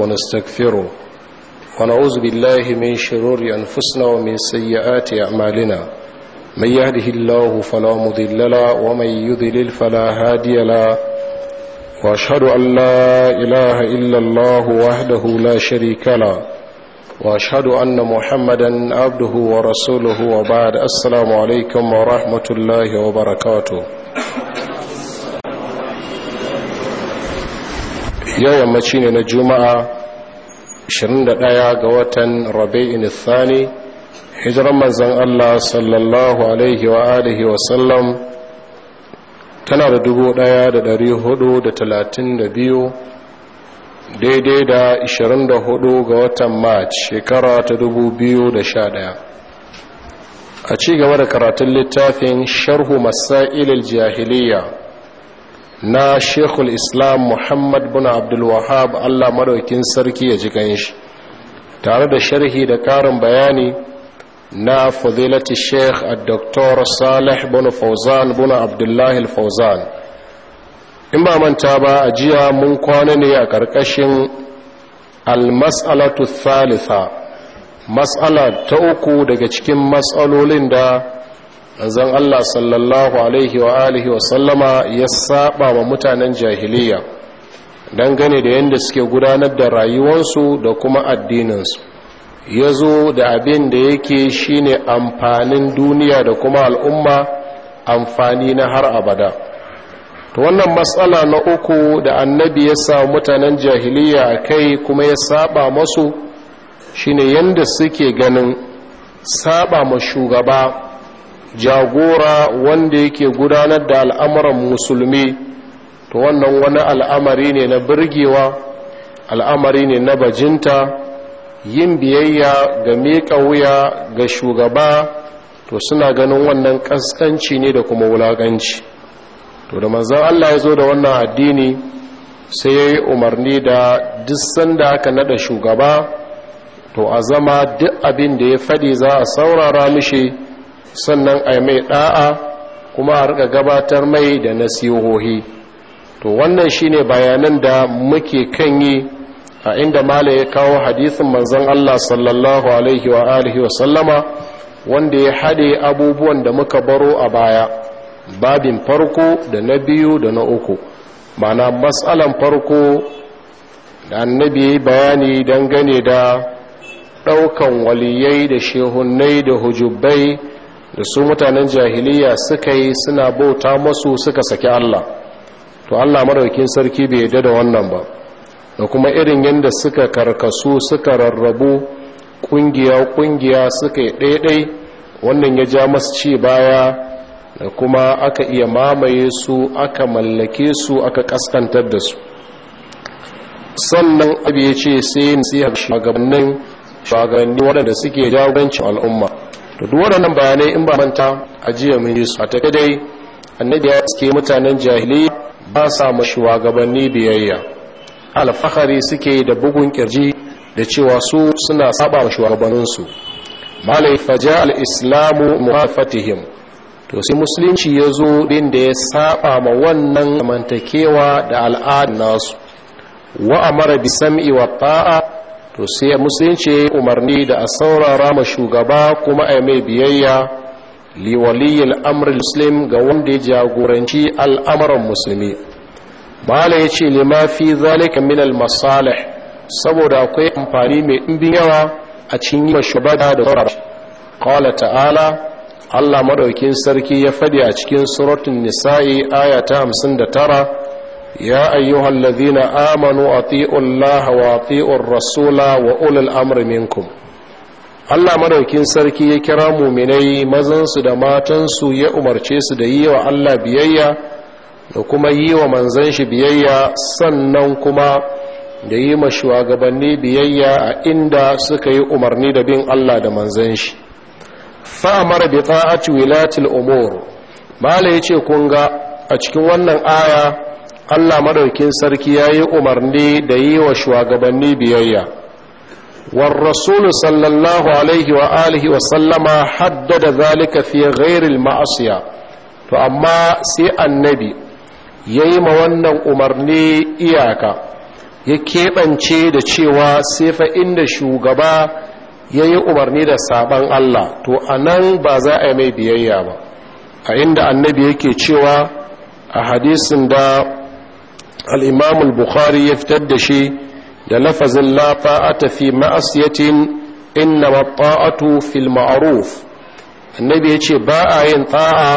ونستغفره ونعوذ بالله من شرور أنفسنا ومن سيئات أعمالنا من يهده الله فلا مضل له ومن يضلل فلا هادي له واشهد ان لا اله الا الله وحده لا شريك له واشهد ان محمدا عبده ورسوله وبعد السلام عليكم ورحمه الله وبركاته yau yammaci ne na juma'a 21 ga watan rabi'in thani hijiran manzan Allah sallallahu alaihi wa alihi wa sallam tana da biyu daidai da 24 ga watan march shekara ta da sha 2011 a ci gaba da karatun littafin sharhu masailil jahiliya na shekul islam muhammad bin abdulwahab allah madaukin sarki ya ji ganshi tare da sharhi da karin bayani na fadilati sheikh a doktor salih bin fauzan bin abdullahi fauzan in ba manta ba a jiya mun kwana ne a ƙarƙashin masalatu thalitha mas'ala ta uku daga cikin mas'alolin da zan Allah sallallahu alaihi wa alihi wa sallama ya saba wa mutanen jahiliya Don dangane da yadda suke gudanar da rayuwarsu da kuma addininsu ya zo da abin da yake shine amfanin duniya da kuma al'umma amfani na har abada Ta wannan matsala na uku da annabi ya sa mutanen jahiliya kai kuma ya saba masu shine yadda suke ganin saba ma shugaba jagora wanda yake gudanar da al'amuran musulmi to wannan wani al'amari ne na birgewa al'amari ne na bajinta yin biyayya ga miƙa wuya ga shugaba to suna ganin wannan ƙasƙanci ne da kuma wulaƙanci to da manzan Allah ya zo da wannan addini sai ya yi umarni da duk sanda aka naɗa shugaba to a zama duk abin da ya faɗi za a saurara mishi sannan a mai ɗa'a kuma a riƙa gabatar mai da nasihohi to wannan shine bayanan da muke kan yi a inda mala ya kawo hadisin manzon Allah sallallahu alaihi wa alihi wa sallama wanda ya hade abubuwan da muka baro a baya babin farko da na biyu da na uku mana matsalan farko da annabi ya yi bayani dangane da ɗaukan waliyai da shehunnai da hujubai da su mutanen jahiliya suka yi suna bauta masu suka saki Allah to Allah maraukin sarki bai yarda da wannan ba da kuma irin yadda suka karkasu suka rarrabu kungiya-kungiya suka yi ɗaiɗai wannan ya ja masu ci baya da kuma aka iya mamaye su aka mallake su aka kaskantar da su sannan abu ya ce sai yin siya shugabannin shugabanni waɗanda suke jagorancin al'umma da duk wadannan bayanai in ba manta ajiya jiya mun yi su a take dai annabi ya suke mutanen jahili ba sa ma shugabanni biyayya alfahari suke da bugun kirji da cewa su suna saba ma shugabanninsu malai faja al-islamu muhafatihim to sai musulunci ya zo din da ya saba ma wannan mantakewa da al'adun nasu wa amara bi sam'i wa ta'a to sai musulunci umarni da a saurara ma shugaba kuma a mai biyayya liwaliyil amr muslim ga wanda ya jagoranci al'amuran musulmi Malam ya ce ne fi zalika min al masalih saboda akwai amfani mai ɗumbin yawa a cikin yi shugaba da saurara qala ta'ala Allah madaukin sarki ya fadi a cikin suratun nisa'i aya ta 59 يا أيها الذين آمنوا أطيعوا الله وأطيعوا الرسول وأولي الأمر منكم Allah madaukin sarki ya kira muminai mazansu da matansu ya umarce su da yi wa Allah biyayya da kuma yi wa manzan shi biyayya sannan kuma da yi ma shugabanni biyayya a inda suka yi umarni da bin Allah da manzan shi fa'amar bi ta'ati wilatil umur mala yace kun ga a cikin wannan aya Allah madaukin sarki ya yi umarni da yi wa shugabanni biyayya. Wan Rasulu sallallahu Alaihi wa alihi wa sallama haddada zalika fiye gairin ma'asiya, to amma sai annabi ya yi ma wannan umarni iyaka, ya keɓance da cewa sefa inda shugaba ya yi umarni da saban Allah, to a nan ba za a yi mai biyayya ba, a inda annabi yake cewa a hadisin da al-imam bukhari ya fitar da shi da lafazin la ta'ata fi ma'asiyatin inna ta'atu fil ma'ruf annabi yace ba a yin ta'a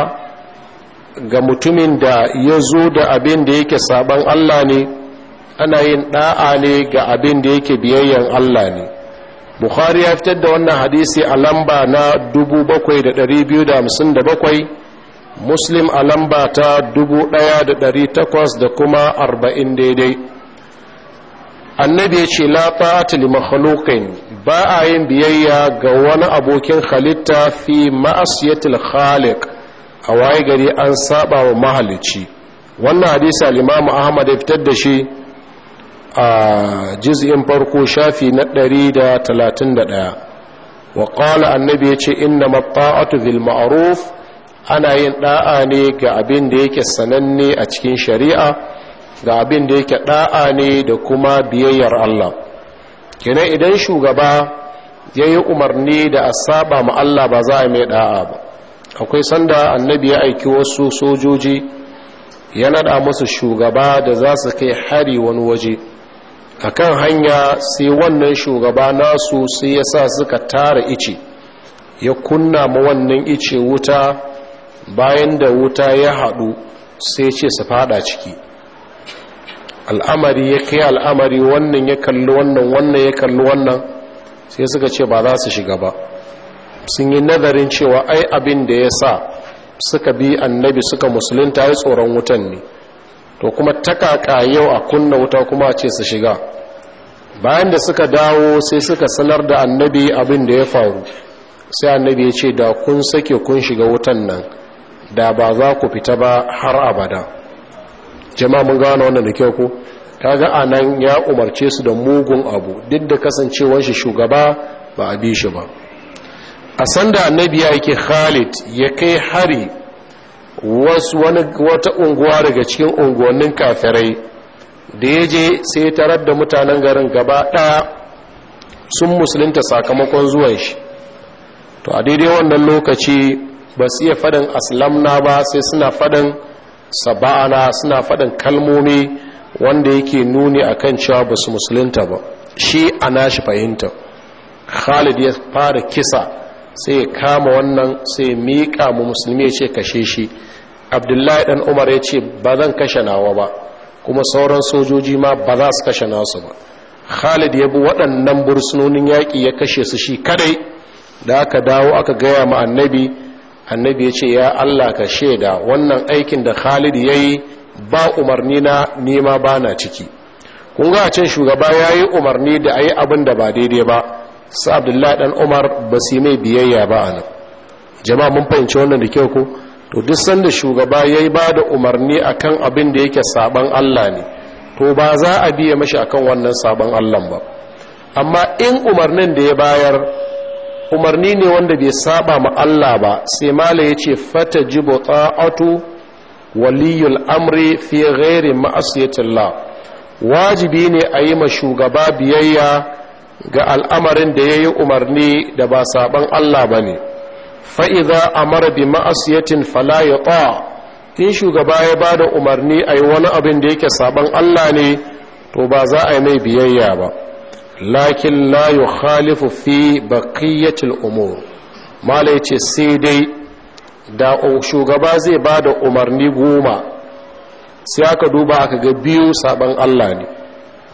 ga mutumin da ya zo da abin da yake saban Allah ne ana yin da'a ne ga abin da yake biyayyen Allah ne bukhari ya fitar da wannan hadisi a lamba na 7257 muslim a lamba ta 1800 da kuma 40 daidai annabi ya ce la ta'ata ba a yin biyayya ga wani abokin halitta fi ma'asiyatil khaliq a waye gari an saba wa mahalici wannan hadisa al ahmad ya fitar da shi a juz'in farko shafi na 131 wa qala annabi ya ce inna mata'atu bil ma'ruf ana yin da'a ne ga abin da yake sananne a cikin shari'a ga abin da yake da'a ne da kuma biyayyar Allah kenan idan shugaba ya yi umarni da a saba ma Allah ba za a mai da'a ba akwai sanda annabi ya aiki wasu sojoji ya naɗa musu shugaba da za su kai hari wani waje A kan hanya sai wannan shugaba nasu sai ya sa suka tara ice ya kunna ma wannan ice wuta bayan da wuta ya haɗu sai ce su fada ciki al'amari ya kai al'amari wannan ya kalli wannan wannan ya kalli wannan sai suka ce ba za su shiga ba sun yi nazarin cewa ai abin da ya sa suka bi annabi suka musulunta ya tsoron wutan ne to kuma takaka yau a kunna wuta kuma ce su shiga bayan da suka dawo sai suka sanar da annabi abin da ya faru sai annabi ya ce da kun sake kun shiga wutan nan da ba za ku fita ba har abada jama'a mun gano wannan da kyau ko kaga anan ya umarce su da mugun abu duk da kasancewar shi shugaba ba a bi shi ba a sanda annabi ya yake Khalid ya kai hari wasu wani wata unguwa daga cikin unguwannin kafirai da ya je sai tarar da mutanen garin gaba ɗaya sun musulunta sakamakon zuwan shi to a daidai wannan lokaci ba su iya faɗin aslamna ba sai suna faɗin saba'ana suna faɗin kalmomi wanda yake nuni a kan cewa ba su musulunta ba shi a nashi fahimta khalid ya fara kisa sai ya kama wannan sai ya miƙa mu musulmi ya ce kashe shi abdullahi ɗan umar ya ce ba zan kashe nawa ba kuma sauran sojoji ma ba za su kashe nasu ba khalid ya bi waɗannan bursunonin yaƙi ya kashe su shi kadai da aka dawo aka gaya ma annabi annabi ya ce ya allah ka shaida wannan aikin da khalid ya yi ba umarni na nema ba na ciki kun ga can shugaba ya yi umarni da a yi abin da ba daidai ba su abdullahi dan umar ba su mai biyayya ba a nan jama'a mun fahimci wannan da kyau ko to duk sanda shugaba ya ba da umarni akan abin da yake saban allah ne to ba za a biya mashi akan wannan saban allah ba amma in umarnin da ya bayar umarni ne wanda bai saba ma Allah ba sai mala ya ce fata ji ta'atu waliyul amri fi ghairi ma'asiyatillah wajibi ne a yi ma shugaba biyayya ga al'amarin da ya yi umarni da ba saban Allah ba ne fa'iza a mara bi ma'asiyatin fala ya in shugaba ya ba da umarni a yi wani abin da yake saban Allah ne to ba za a yi mai biyayya ba lakin la khalifu fi umuru mala ya ce sai dai da shugaba zai ba da umarni goma sai aka duba aka ga biyu saban Allah ne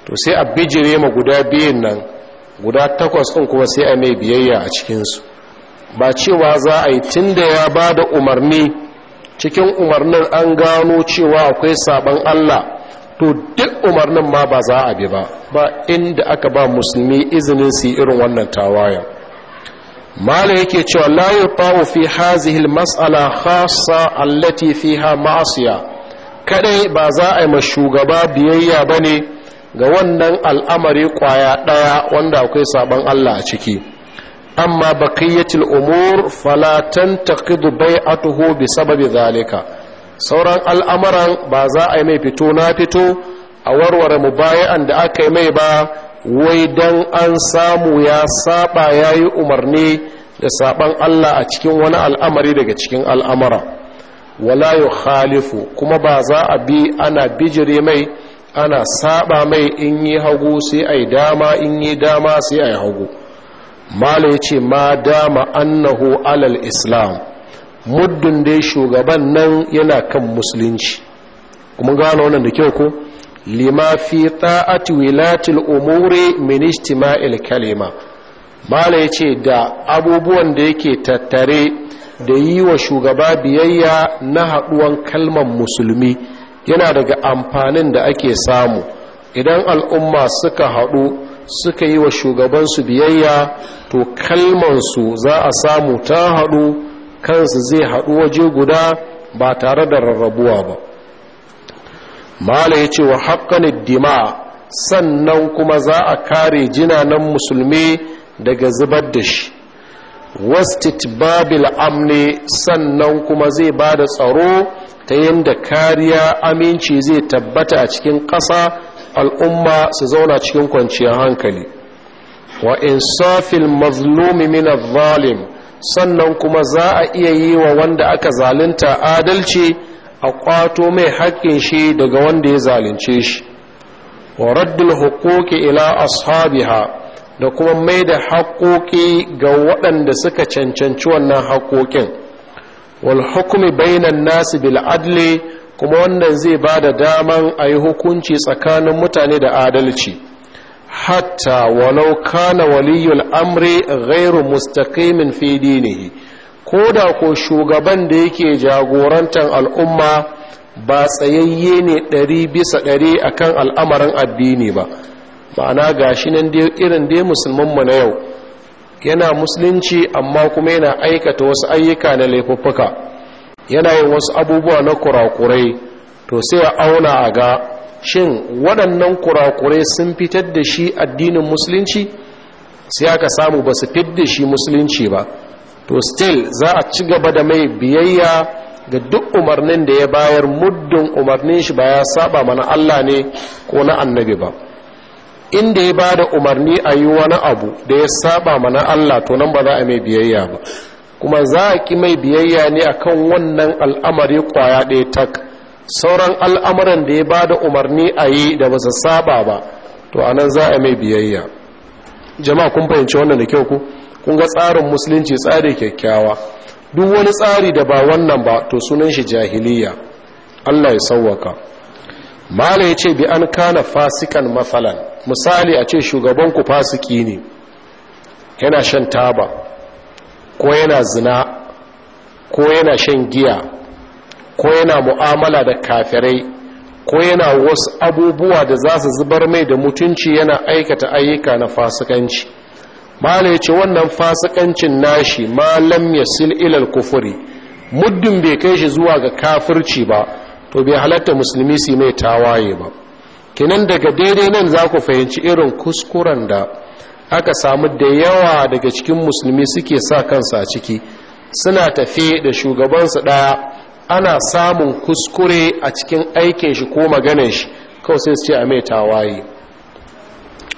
to sai a bijire ma guda biyun nan guda takwas ɗin kuma sai a mai biyayya a cikinsu ba cewa za a yi tun da ya ba da umarni cikin umarnin an gano cewa akwai saban Allah to duk umarnin ma ba za a bi ba ba inda aka ba musulmi izinin su irin wannan tawayan mala yake cewa la yutawu fi hazihi mas'ala khassa allati fiha ma'siya kadai ba za a yi ma shugaba biyayya bane ga wannan al'amari kwaya daya wanda akwai saban Allah a ciki amma baqiyatul umur fala tantaqidu bai'atuhu bi sababi zalika sauran al'amuran ba za a yi mai fito na fito a warware mu bayan da aka yi mai ba wai don an samu ya saba ya yi umarni da saban Allah a cikin wani al'amari daga cikin al'amura wala yi halifu kuma ba za a bi ana bijire mai ana saba mai in yi hagu sai a yi dama in yi dama sai a yi hagu mala ya ce ma dama annahu alal islam muddin dai shugaban nan yana kan musulunci kuma gano wannan da kyau ko lima fi ta'ati wilatil umuri min istima'il kalima mala yace da abubuwan da yake tattare da yi wa shugaba biyayya na haduwan kalman musulmi yana daga amfanin da ake samu idan al'umma suka haɗu suka yi wa shugabansu biyayya to kalmansu za a samu ta haɗu kansu zai haɗu waje guda ba tare da rarrabuwa ba mala ya ce wa haƙƙanin dima sannan kuma za a kare jinanan musulmi daga zubar da shi wastit babil amne sannan kuma zai ba da tsaro ta yadda kariya aminci zai tabbata a cikin ƙasa al'umma su zauna cikin kwanciyar hankali wa insafil mazlumi min zalim sannan kuma za a iya yi wa wanda aka zalunta adalci a kwato mai haƙƙin shi daga wanda ya zalunce shi wa raddul hukuki ila ashabiha da kuma mai da haƙoƙi ga waɗanda suka cancanci wannan haƙoƙin wal hukumi bainan nasi bil adli kuma wannan zai ba da daman a yi hukunci tsakanin mutane da adalci hatta walau kana waliyul amri ghairu mustaqimin fi dinihi ko da ko shugaban da yake jagorantar al'umma ba tsayayye ne ɗari bisa ɗari akan al'amarin addini ba ma'ana gashi nan irin dai musulmanmu na yau yana musulunci amma kuma yana aikata wasu ayyuka na laifuffuka yana yin wasu abubuwa na kurakurai to sai a auna a ga shin waɗannan kurakurai sun fitar da shi addinin musulunci sai aka samu ba su fit da shi musulunci ba to still za a ci gaba da mai biyayya ga duk umarnin da ya bayar muddin umarnin shi ba ya saba mana Allah ne ko na annabi ba inda ya ba da umarni a yi wani abu da ya saba mana Allah to nan ba za a mai biyayya ba kuma za a ki mai biyayya ne akan wannan al'amari kwaya ɗaya tak sauran al'amuran da ya ba da umarni a yi da ba su saba ba to a nan za a mai biyayya jama'a kun fahimci wannan da kyau ku kun ga tsarin musulunci tsari kyakkyawa duk wani tsari da ba wannan ba to sunan shi jahiliya allah ya sauwaka mala ya ce bi an kana fasikan matsalan misali a ce shugabanku fasiki ne yana shan taba ko yana zina ko yana shan giya ko yana mu'amala da kafirai ko yana wasu abubuwa da za su zubar mai da mutunci yana aikata ayyuka na fasikanci mala ya ce wannan fasikancin nashi malam ya ilal kufuri muddin bai kai shi zuwa ga kafirci ba to bai halatta musulmi su mai tawaye ba kinan daga daidai nan za ku fahimci irin kuskuren da aka samu da yawa daga cikin musulmi suke sa kansa a ciki suna tafe da shugabansu ɗaya ana samun kuskure a cikin aikin shi ko maganin shi kawai sai su ce a mai tawaye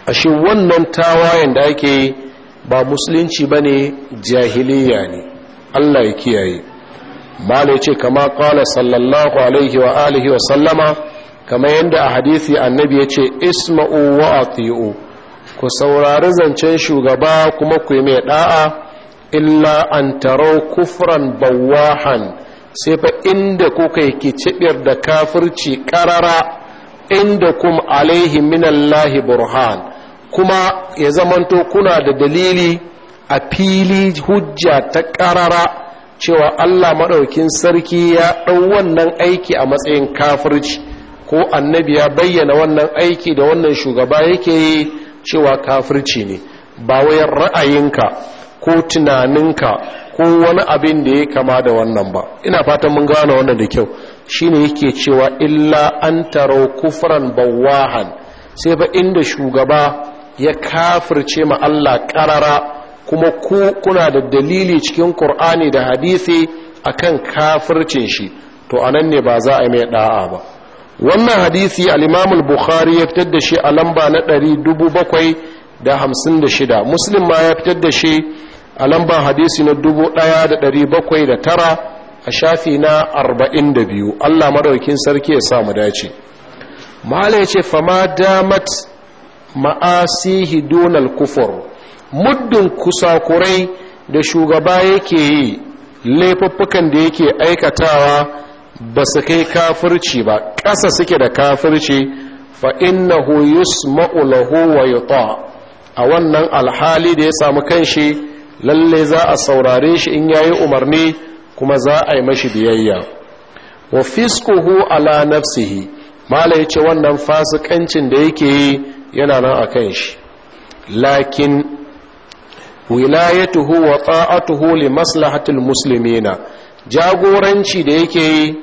a shi wannan tawayen da ake yi ba musulunci ba ne jahiliya ne allah ya kiyaye ya ce kama Kwale sallallahu alaihi wa alihi wa sallama kama yadda a hadithi annabi ya ce isma'u wa ati'u ku saurari zancen shugaba kuma ku yi mai da'a illa an tarau kufran bawahan sai fa inda kuka yake cibiyar da kafirci karara inda kum alaihi minallahi burhan kuma ya zamanto kuna da dalili a fili hujja ta karara cewa Allah maɗaukin sarki ya ɗau wannan aiki a matsayin kafirci ko annabi ya bayyana wannan aiki da wannan shugaba yake yi cewa kafirci ne ba wayan ra'ayinka ko tunaninka ko wani abin da ya kama da wannan ba ina fatan mun gane wannan da kyau shine yake cewa illa an taro kufran bawahan sai ba inda shugaba ya kafirce ma Allah karara kuma ku kuna da dalili cikin Qur'ani da hadisi akan kafircin shi to anan ne ba za a yi mai da'a ba wannan hadisi al-Imam bukhari ya fitar da shi a lamba na 756 Muslim ma ya fitar da shi a lamba hadisi na dubu ɗaya da ɗari bakwai da tara a shafi na arba'in da biyu. Allah madaukin sarki ya samu dace ya ce fama damat ma'asihi donal kufur muddin kusakurai da shugaba yake yi laifuffukan da yake aikatawa ba su kai kafirci ba ƙasa suke da kafirci fa ina hoyus wa yuta a wannan alhali da ya samu kanshi lalle za a saurare shi in yayi umarni kuma za a yi mashi biyayya wa fiskuhu ala nafsihi mala yace wannan fasikancin da yake yi yana nan a kan shi lakin wilayatuhu wa ta'atuhu li maslahatil muslimina jagoranci da yake yi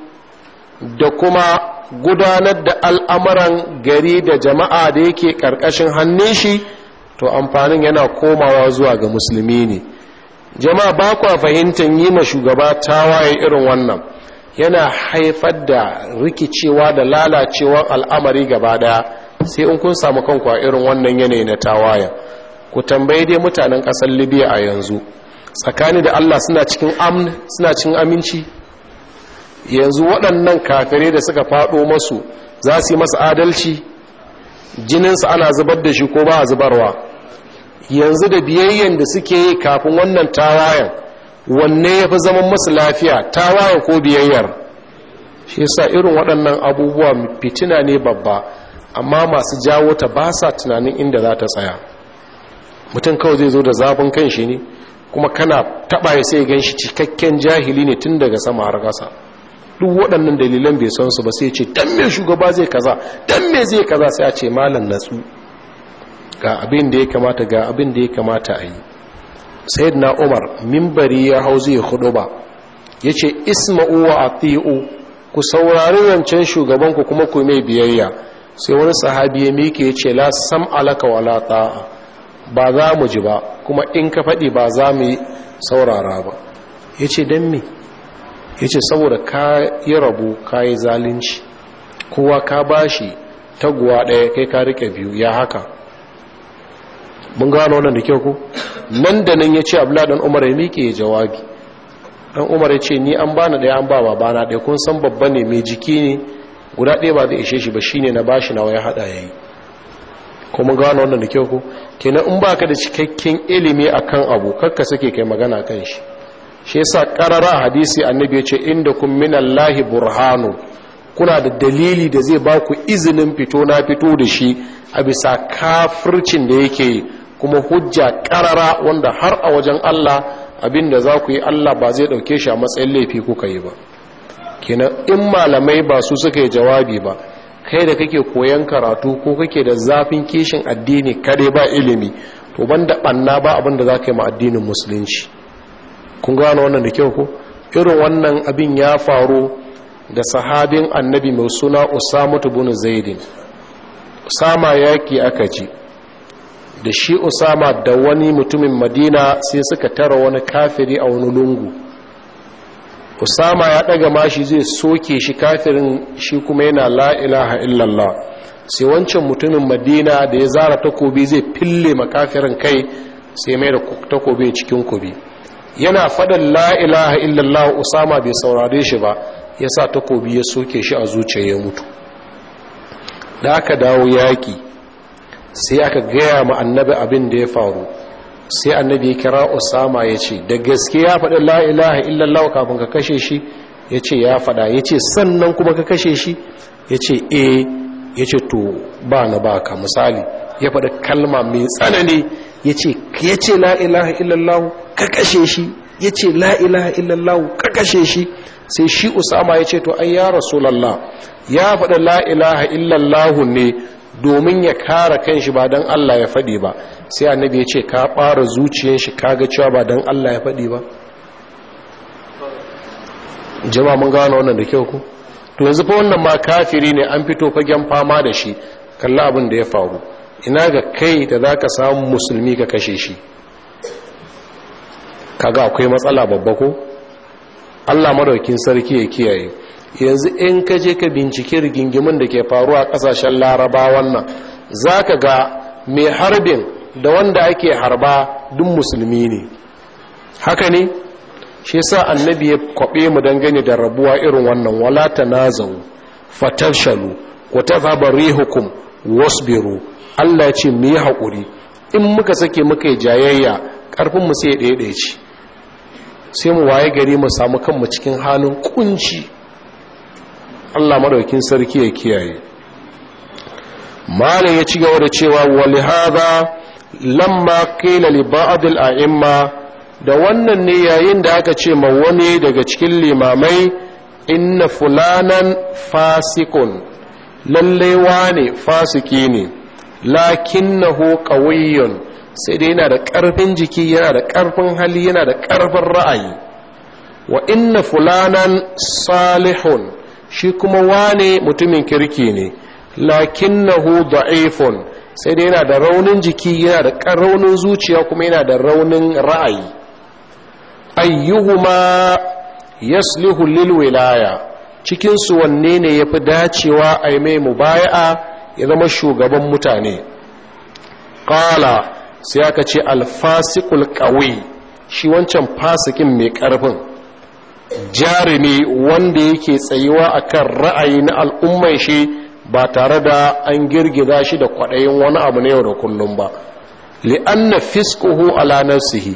da kuma gudanar da al'amuran gari da jama'a da yake ƙarƙashin hannun shi to amfanin yana komawa zuwa ga musulmi ne jama'a ba kwa fahimtar yi ma shugaba tawaye irin wannan yana haifar da rikicewa da lalacewar al'amari gaba daya sai in kun samu kanku a irin wannan yanayi na tawaye. ku tambayi dai mutanen ƙasar libya a yanzu tsakani da allah suna cikin aminci yanzu waɗannan kafirai da suka faɗo masu za su yi masa adalci jininsa ana zubar da shi ko ba a zubarwa yanzu da biyayyen da suke kafin wannan tawayan wanne ya fi zaman masu lafiya tawayan ko biyayyar shi sa irin waɗannan abubuwa fitina ne babba amma masu jawo ta ba sa tunanin inda za ta tsaya mutum kawai zai zo da zafin kan shi ne kuma kana taɓa ya sai gan shi cikakken jahili ne tun daga sama har ƙasa duk waɗannan dalilan bai san su ba sai ce dan me shugaba zai kaza dan me zai kaza sai a ce malam natsu ga abin da ya kamata ga abin da ya kamata a yi na umar mimbari ya hau zai hudu ba ya ce isma'u wa ati'u ku saurari wancan shugabanku kuma ku mai biyayya sai wani sahabi ya miƙe ya ce la sam alaka wala ta'a ba za mu ji ba kuma in ka faɗi ba za mu yi saurara ba ya ce don me ya ce saboda ka yi rabu ka yi zalunci kowa ka ba shi taguwa ɗaya kai ka rike biyu ya haka mun gano wannan da kyau ko nan da nan ya ce abu dan umar ya miƙe ya jawabi dan umar ya ce ni an bani ɗaya an ba babana ɗaya kun san babba ne mai jiki ne guda ɗaya ba zai ishe shi ba shine na bashi nawa ya haɗa yayi ko mun gano wanda da kyau ko kenan in ba ka da cikakken ilimi a kan abu kakka sake kai magana kan shi shi yasa a hadisi annabi ya ce inda kun minallahi burhanu kuna da dalili da zai baku izinin fito na fito da shi a bisa kafircin da yake yi. kuma hujja karara wanda har a wajen Allah abinda za ku yi Allah ba zai dauke shi a matsayin laifi kuka yi ba kenan in malamai ba su suka yi jawabi ba kai da kake koyan karatu ko kake da zafin kishin addini kare ba ilimi to banda banna ba abinda za ka yi ma addinin musulunci kun gano wannan da kyau ko irin wannan abin ya faru da sahabin annabi mai suna usamatu bin zaidin sama yaki aka ji da shi usama da wani mutumin madina sai suka tara wani kafiri a wani lungu usama ya daga mashi zai soke shi kafirin shi kuma yana la illallah sai wancan mutumin madina da ya zara takobi zai fille makafirin kai sai mai da takobi cikin kubi yana faɗin la ilaha illallah usama bai saurare shi ba ya sa takobi ya soke shi a zuciya ya mutu da aka dawo yaƙi sai aka gaya ma annabi abin da ya faru sai annabi ya kira usama ya ce da gaske ya faɗi la ilaha illallah kafin ka kashe shi ya ce ya faɗa ya ce sannan kuma ka kashe shi ya ce e ya ce to ba na baka misali ya faɗi kalma mai tsanani ya ce la ilaha illallah ka kashe shi ya ce la illallah ka kashe shi sai shi usama ya ce to ai ya rasulallah ya faɗi la ilaha illallah ne domin ya kara kanshi ba don Allah ya faɗi ba sai annabi ya ce ka ɓara zuciyar shi kaga cewa ba don Allah ya faɗi ba jama mun gano wannan da kyau ku to yanzu fa wannan ma kafiri ne an fito fagen fama da shi kalla abin da ya faru ina ga kai da za ka samu musulmi ka kashe shi kaga akwai matsala babba ko Allah madaukin sarki ya kiyaye yanzu in ka je ka bincike rigingimin da ke faruwa a kasashen larabawan nan za ka ga mai harbin da wanda ake harba duk musulmi ne haka ne shi sa annabi ya kwaɓe mu dangane da rabuwa irin wannan wala tanazau fatashalu wa hukum, hukum wasbiru Allah ce mu yi haƙuri in muka sake muka yi jayayya ƙarfinmu sai ya ɗaiɗaici sai mu waye gari mu samu kanmu cikin halin ƙunci. Allah madaukin sarki ya kiyaye malam ya ci gaba da cewa wali hadha lamma kila li ba'd al a'imma da wannan ne yayin da aka ce ma wani daga cikin limamai inna fulanan fasikun lalle wane fasiki ne lakinnahu qawiyyun sai dai yana da ƙarfin jiki yana da ƙarfin hali yana da ƙarfin ra'ayi wa inna fulanan salihun shi kuma wane mutumin kirki ne lakinnahu da'ifun sai dai yana da raunin jiki yana da raunin zuciya kuma yana da raunin ra'ayi Ayyuhu ayyuhuma yaslihu lil wilaya cikin su wanne ne yafi dacewa a mai mubaya'a ya zama shugaban mutane Ƙala sai aka ce al-fasiqul shi wancan fasikin mai ƙarfin. jarumi wanda yake tsayuwa akan ra'ayi na al'ummai shi ba tare da an girgiza shi da kwaɗayin wani abu na yau da kullum ba li'anna fisquhu ala nafsihi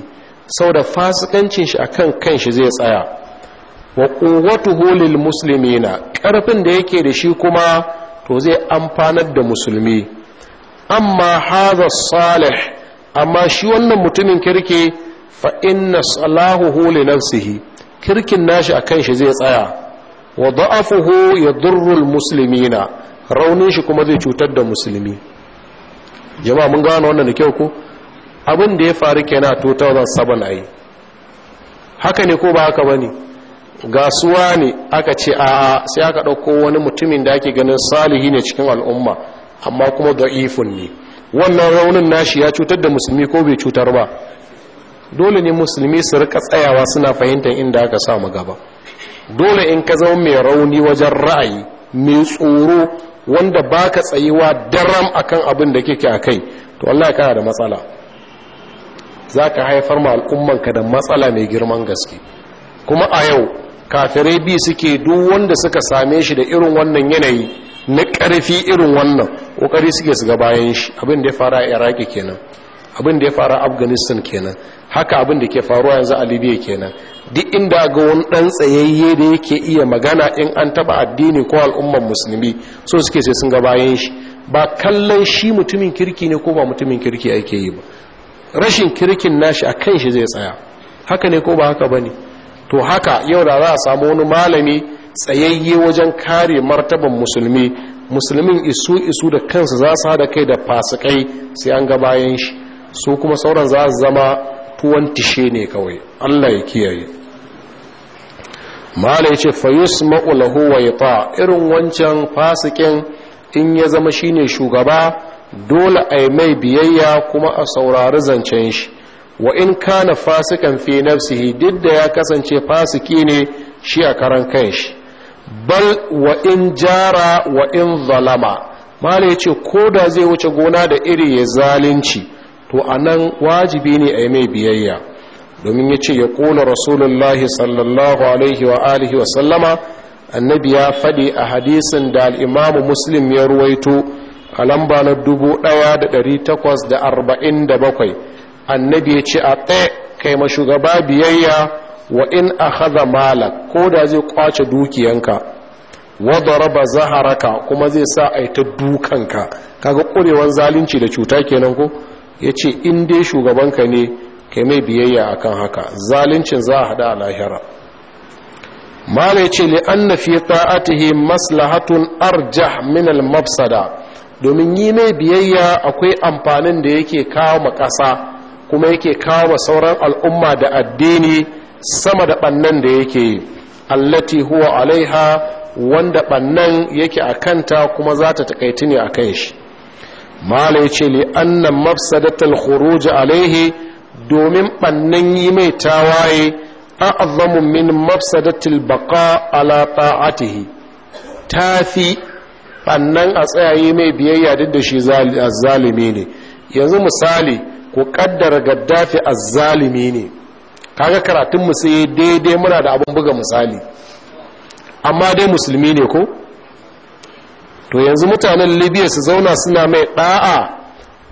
da fasikancin shi akan shi zai tsaya wa quwwatuhu lil muslimina karfin da yake da shi kuma to zai amfanar da musulmi amma hadha salih amma shi wannan mutumin kirki fa inna salahu li nafsihi kirkin nashi a kan shi zai tsaya wa da'afuhu ya durrul musulmina raunin shi kuma zai cutar da musulmi jama'a mun gano wannan da kyau ko abin da ya faru kenan a 2007 yi, haka ne ko ba haka bane gasuwa ne aka ce a sai aka ɗauko wani mutumin da ake ganin salihi ne cikin al'umma amma kuma ifin ne wannan raunin nashi ya cutar da musulmi ko bai cutar ba dole ne musulmi su rika tsayawa suna fahimtar inda aka samu gaba dole in ka zama mai rauni wajen ra'ayi mai tsoro wanda ba baka tsayiwa daram akan abin da kake kai, to Allah ya kana da matsala Za ka haifar ma al'umman ka da matsala mai girman gaske kuma a yau kafirai bi suke duk wanda suka same shi da irin wannan yanayi na ƙarfi irin wannan ƙoƙari suke su ga bayan shi abin da ya fara a iraki kenan abin da ya faru afghanistan kenan haka abin da ke faruwa yanzu a libya kenan duk inda ga wani dan tsayayye da yake iya magana in an taba addini ko al'ummar musulmi so suke sai sun ga bayan shi ba kallon shi mutumin kirki ne ko ba mutumin kirki ake yi ba rashin kirkin nashi a kan shi zai tsaya haka ne ko ba haka ba ne to haka yau da za a samu wani malami tsayayye wajen kare martaban musulmi musulmin isu isu da kansu za su haɗa kai da fasikai sai an ga bayan shi su kuma sauran za su zama tuwon tishe ne kawai allah ya kiyaye mala ce fayus ma'ulahu wa ya ta irin wancan fasikin in ya zama shine shugaba dole a mai biyayya kuma a saurari zancen shi wa in kana fasikan fi nafsihi duk da ya kasance fasiki ne shi a karan shi. bal wa in jara wa in zalama mala ce ko da zai wuce gona da iri ya zalunci to a nan wajibi ne a yi mai biyayya domin ya ce ya ƙola rasulullahi sallallahu alaihi wa alihi wa sallama annabi ya faɗi a hadisin da al'imamu muslim ya ruwaito a lamba na bakwai annabi ya ce a tsaye kai mashugaba biyayya wa in a haza malak ko da zai kwace dukiyanka wadda raba zaharaka kuma zai sa a ta dukanka kaga ƙurewan zalunci da cuta kenan ko ya ce in dai shugabanka ne ka mai biyayya a kan haka zalincin za a hada a lahira mala ya ce na fi ta'atihi maslahatun arjah minal mafsada domin yi mai biyayya akwai amfanin da yake kawo ma ƙasa kuma yake kawo sauran al'umma da addini sama da ɓannan da yake yi allati huwa alaiha wanda ɓannan yake a kanta kuma za ta taƙaiti ne a kan shi mala yace li anna mafsadatal khuruj alaihi domin bannan yi mai tawaye a'zamu min mafsadatil baqa ala ta'atihi tafi bannan a tsayaye mai biyayya duk da shi zalimi ne yanzu misali ku kaddara gaddafi azzalimi ne kaga karatun mu sai daidai muna da abun buga misali amma dai musulmi ne ko to yanzu mutanen libya su zauna suna mai ɗa'a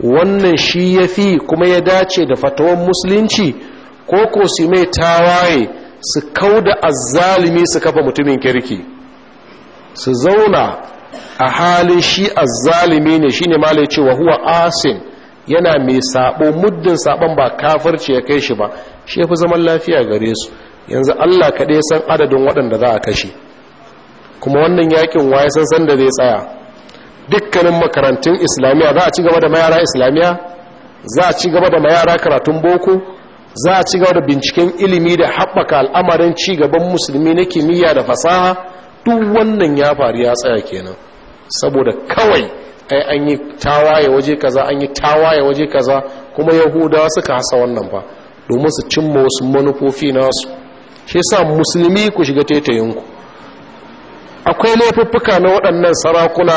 wannan shi ya fi kuma ya dace da fatawan musulunci ko ko su mai tawaye su kau da azzalimi su kafa mutumin kirki su zauna a halin shi azzalimi ne shine malai cewa huwa asin yana mai sabo muddin sabon ba kafarci ya kai shi ba shi fi zaman lafiya gare su yanzu allah kaɗai san adadin waɗanda za a kashe kuma wannan yakin waye san san da zai tsaya dukkanin makarantun islamiyya za a ci gaba da mayara islamiyya za a ci gaba da mayara karatun boko za a ci gaba da binciken ilimi da haɓaka al'amarin ci gaban musulmi na kimiyya da fasaha duk wannan ya faru ya tsaya kenan saboda kawai ai an yi tawaye waje kaza an yi tawaye waje kaza kuma yahudawa suka hasa wannan fa domin su cimma wasu manufofi nasu shi sa musulmi ku shiga taitayinku akwai laifuffuka na waɗannan sarakuna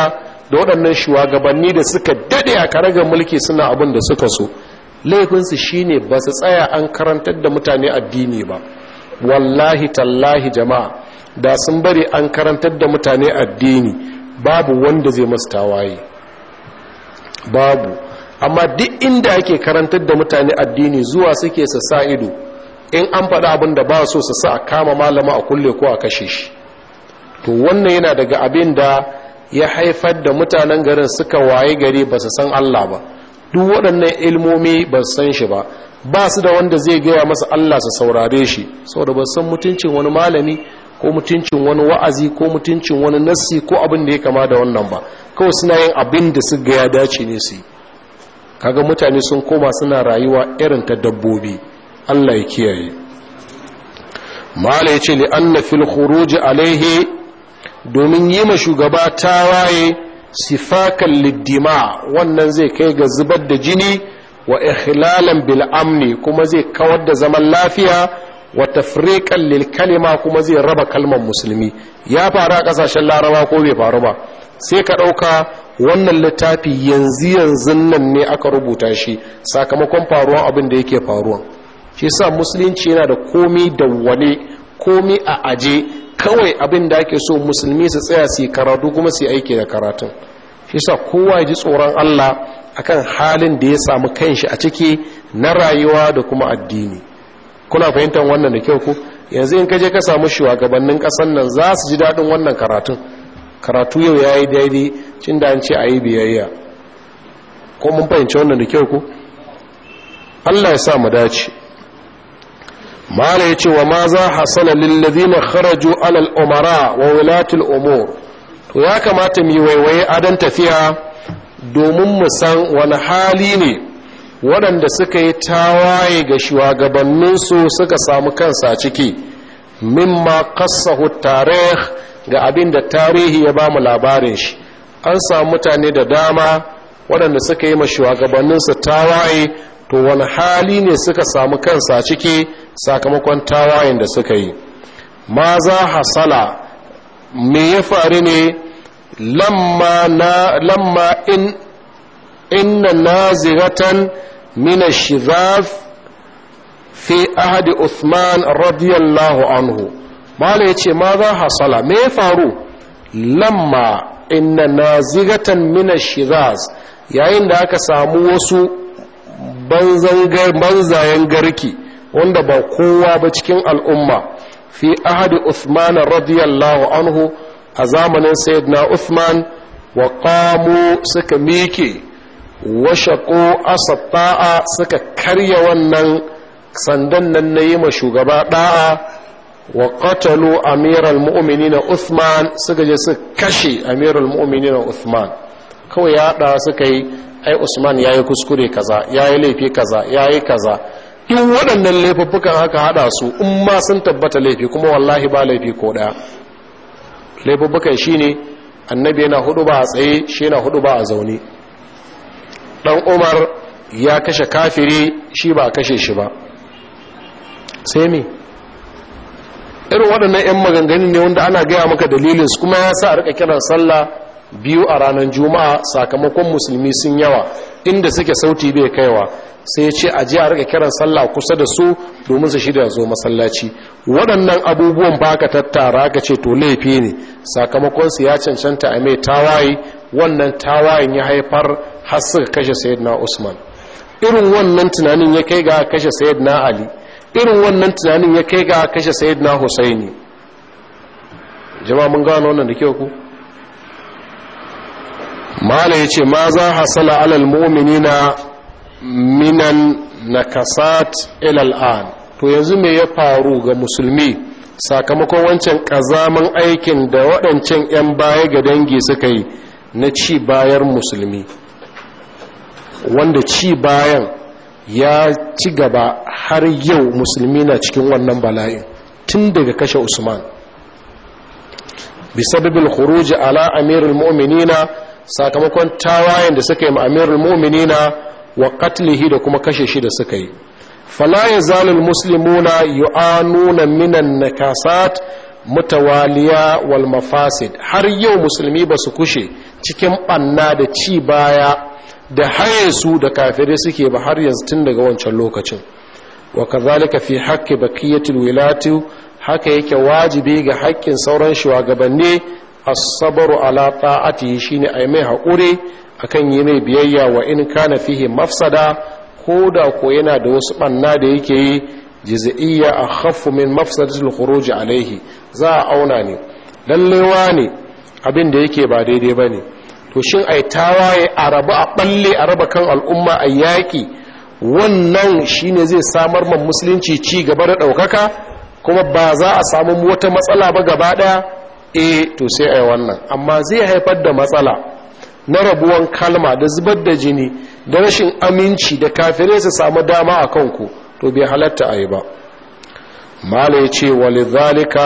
da waɗannan shugabanni da suka daɗe a karagar mulki suna abin da suka so laifinsu shine ba su tsaya an karantar da mutane addini ba wallahi tallahi jama'a da sun bari an karantar da mutane addini babu wanda zai masu tawaye babu amma duk inda ake karantar da mutane addini zuwa suke su sa ido in an faɗa abin da ba so su sa a kama malama a kulle ko a kashe shi to wannan yana daga abin da ya haifar da mutanen garin suka waye gari ba su san Allah ba duk waɗannan ilmomi ba su san shi ba ba su da wanda zai gaya masa Allah su saurare shi saboda ba su san mutuncin wani malami ko mutuncin wani wa'azi ko mutuncin wani nassi ko abin da ya kama da wannan ba kawai suna yin abin da su ga ya dace ne su yi kaga mutane sun koma suna rayuwa irin ta dabbobi Allah ya kiyaye mala ce li anna fil khuruj alaihi domin yi ma shugaba ta waye sifakan liddima wannan zai kai ga zubar da jini wa ikhlalan bil amni kuma zai kawar da zaman lafiya wa tafriqan lil kalima kuma zai raba kalmar musulmi ya faru a kasashen laraba ko bai faru ba sai ka dauka wannan littafi yanzu yanzu nan ne aka rubuta shi sakamakon faruwan abin da yake faruwa shi sa musulunci yana da komi dawwale komi a aje kawai abin da ake so musulmi su tsaya su yi karatu kuma su yi aiki da karatun shi sa kowa ya ji tsoron allah akan halin da ya samu kanshi a ciki na rayuwa da kuma addini kuna fahimtar wannan da kyau ku yanzu in kaje ka samu shugabannin kasan nan za su ji daɗin wannan karatun karatu yau ya yi daidai cin da an ce a yi biyayya ko mun fahimci wannan da kyau ku allah ya sa mu dace mala ya ce wa ma za hasala na kharaju alal umara wa wulatul umur to ya kamata mu waiwaye adan tafiya domin mu san wani hali ne waɗanda suka yi tawaye ga shugabanninsu suka samu kansa ciki mimma qassahu tarih ga abin da tarihi ya ba mu labarin shi an samu mutane da dama waɗanda suka yi ma shugabanninsu tawaye to wani hali ne suka samu kansa ciki sakamakon tawayen da suka yi ma za hasala me ya faru ne lamma in na naziratan mina shizaf fi ahadi Usman, radiyallahu anhu mala ya ce ma za hasala me ya faru lamma inna naziratan mina ashizaz yayin da aka samu wasu banzayen garki wanda ba kowa ba cikin al'umma fi ahadi Uthman radiyallahu anhu a zamanin sayyidina Uthman wa qamu suka miƙe wa shaqu asata'a suka karya wannan sandan nan na yi ma shugaba ɗaa wa ƙatalo amiral na Uthman suka je su kashe amiral na Uthman kawai ya ɗa suka yi ai Usman yi kuskure kaza ya yi laifi kaza ya yi kaza in waɗannan laifuffukan aka haɗa su in ma sun tabbata laifi kuma wallahi ba laifi ko ɗaya laifuffukan shi ne annabi yana hudu ba a tsaye shi yana hudu ba a zaune ɗan umar ya kashe kafiri shi ba a kashe shi ba sai mi irin waɗannan 'yan maganganun ne wanda ana gaya maka dalilin su kuma ya sa a rika kiran sallah biyu a ranar juma'a sakamakon musulmi sun yawa inda suke sauti bai kaiwa sai ya ce a ji a rika kiran sallah kusa da su domin su shirya zo masallaci waɗannan abubuwan ba ka tattara ka ce to laifi ne sakamakon su ya cancanta a mai tawaye wannan tawayen ya haifar har suka kashe sayyidina usman irin wannan tunanin ya kai ga kashe sayyidina ali irin wannan tunanin ya kai ga kashe sayyidina husaini jama'a mun gano wannan da kyau ku mala ya ce ma za hasala alal mu'minina minan nakasat ilal an to yanzu me ya faru ga musulmi sakamakon wancan kazaman aikin da waɗancan 'yan baya ga dangi suka yi na ci bayan musulmi wanda ci bayan ya ci gaba har yau musulmi na cikin wannan bala'in tun daga kashe usman bisabibin khuruji ala amirul mu'minina sakamakon tawayen da suka yi amirul mominina wa qatlihi da kuma kashe shi da suka yi fala yazalul muslimuna yu'anuna minan nakasat mutawaliya wal mafasid har yau musulmi ba su kushe cikin ɓanna da ci baya da haye su da kafirai suke ba har yanzu tun daga wancan lokacin wa kazalika fi haqqi baqiyatil wilati haka yake wajibi ga haƙƙin sauran shugabanni as-sabru ala ta'atihi shine ai mai haƙuri akan yi mai biyayya wa in kana fihi mafsada ko da ko yana da wasu banna da yake yi jiz'iyya akhaffu min mafsadatil khuruj alaihi za a auna ne wa ne abin da yake ba daidai bane to shin ai tawaye a a balle a raba kan al'umma a yaki wannan shine zai samar ma musulunci ci gaba da daukaka kuma ba za a samu wata matsala ba gaba daya eh to sai a wannan amma zai haifar da matsala na rabuwan kalma da zubar da jini da rashin aminci da kafirai su samu dama a kanku to bai halatta a yi ba mala ya ce walidhalika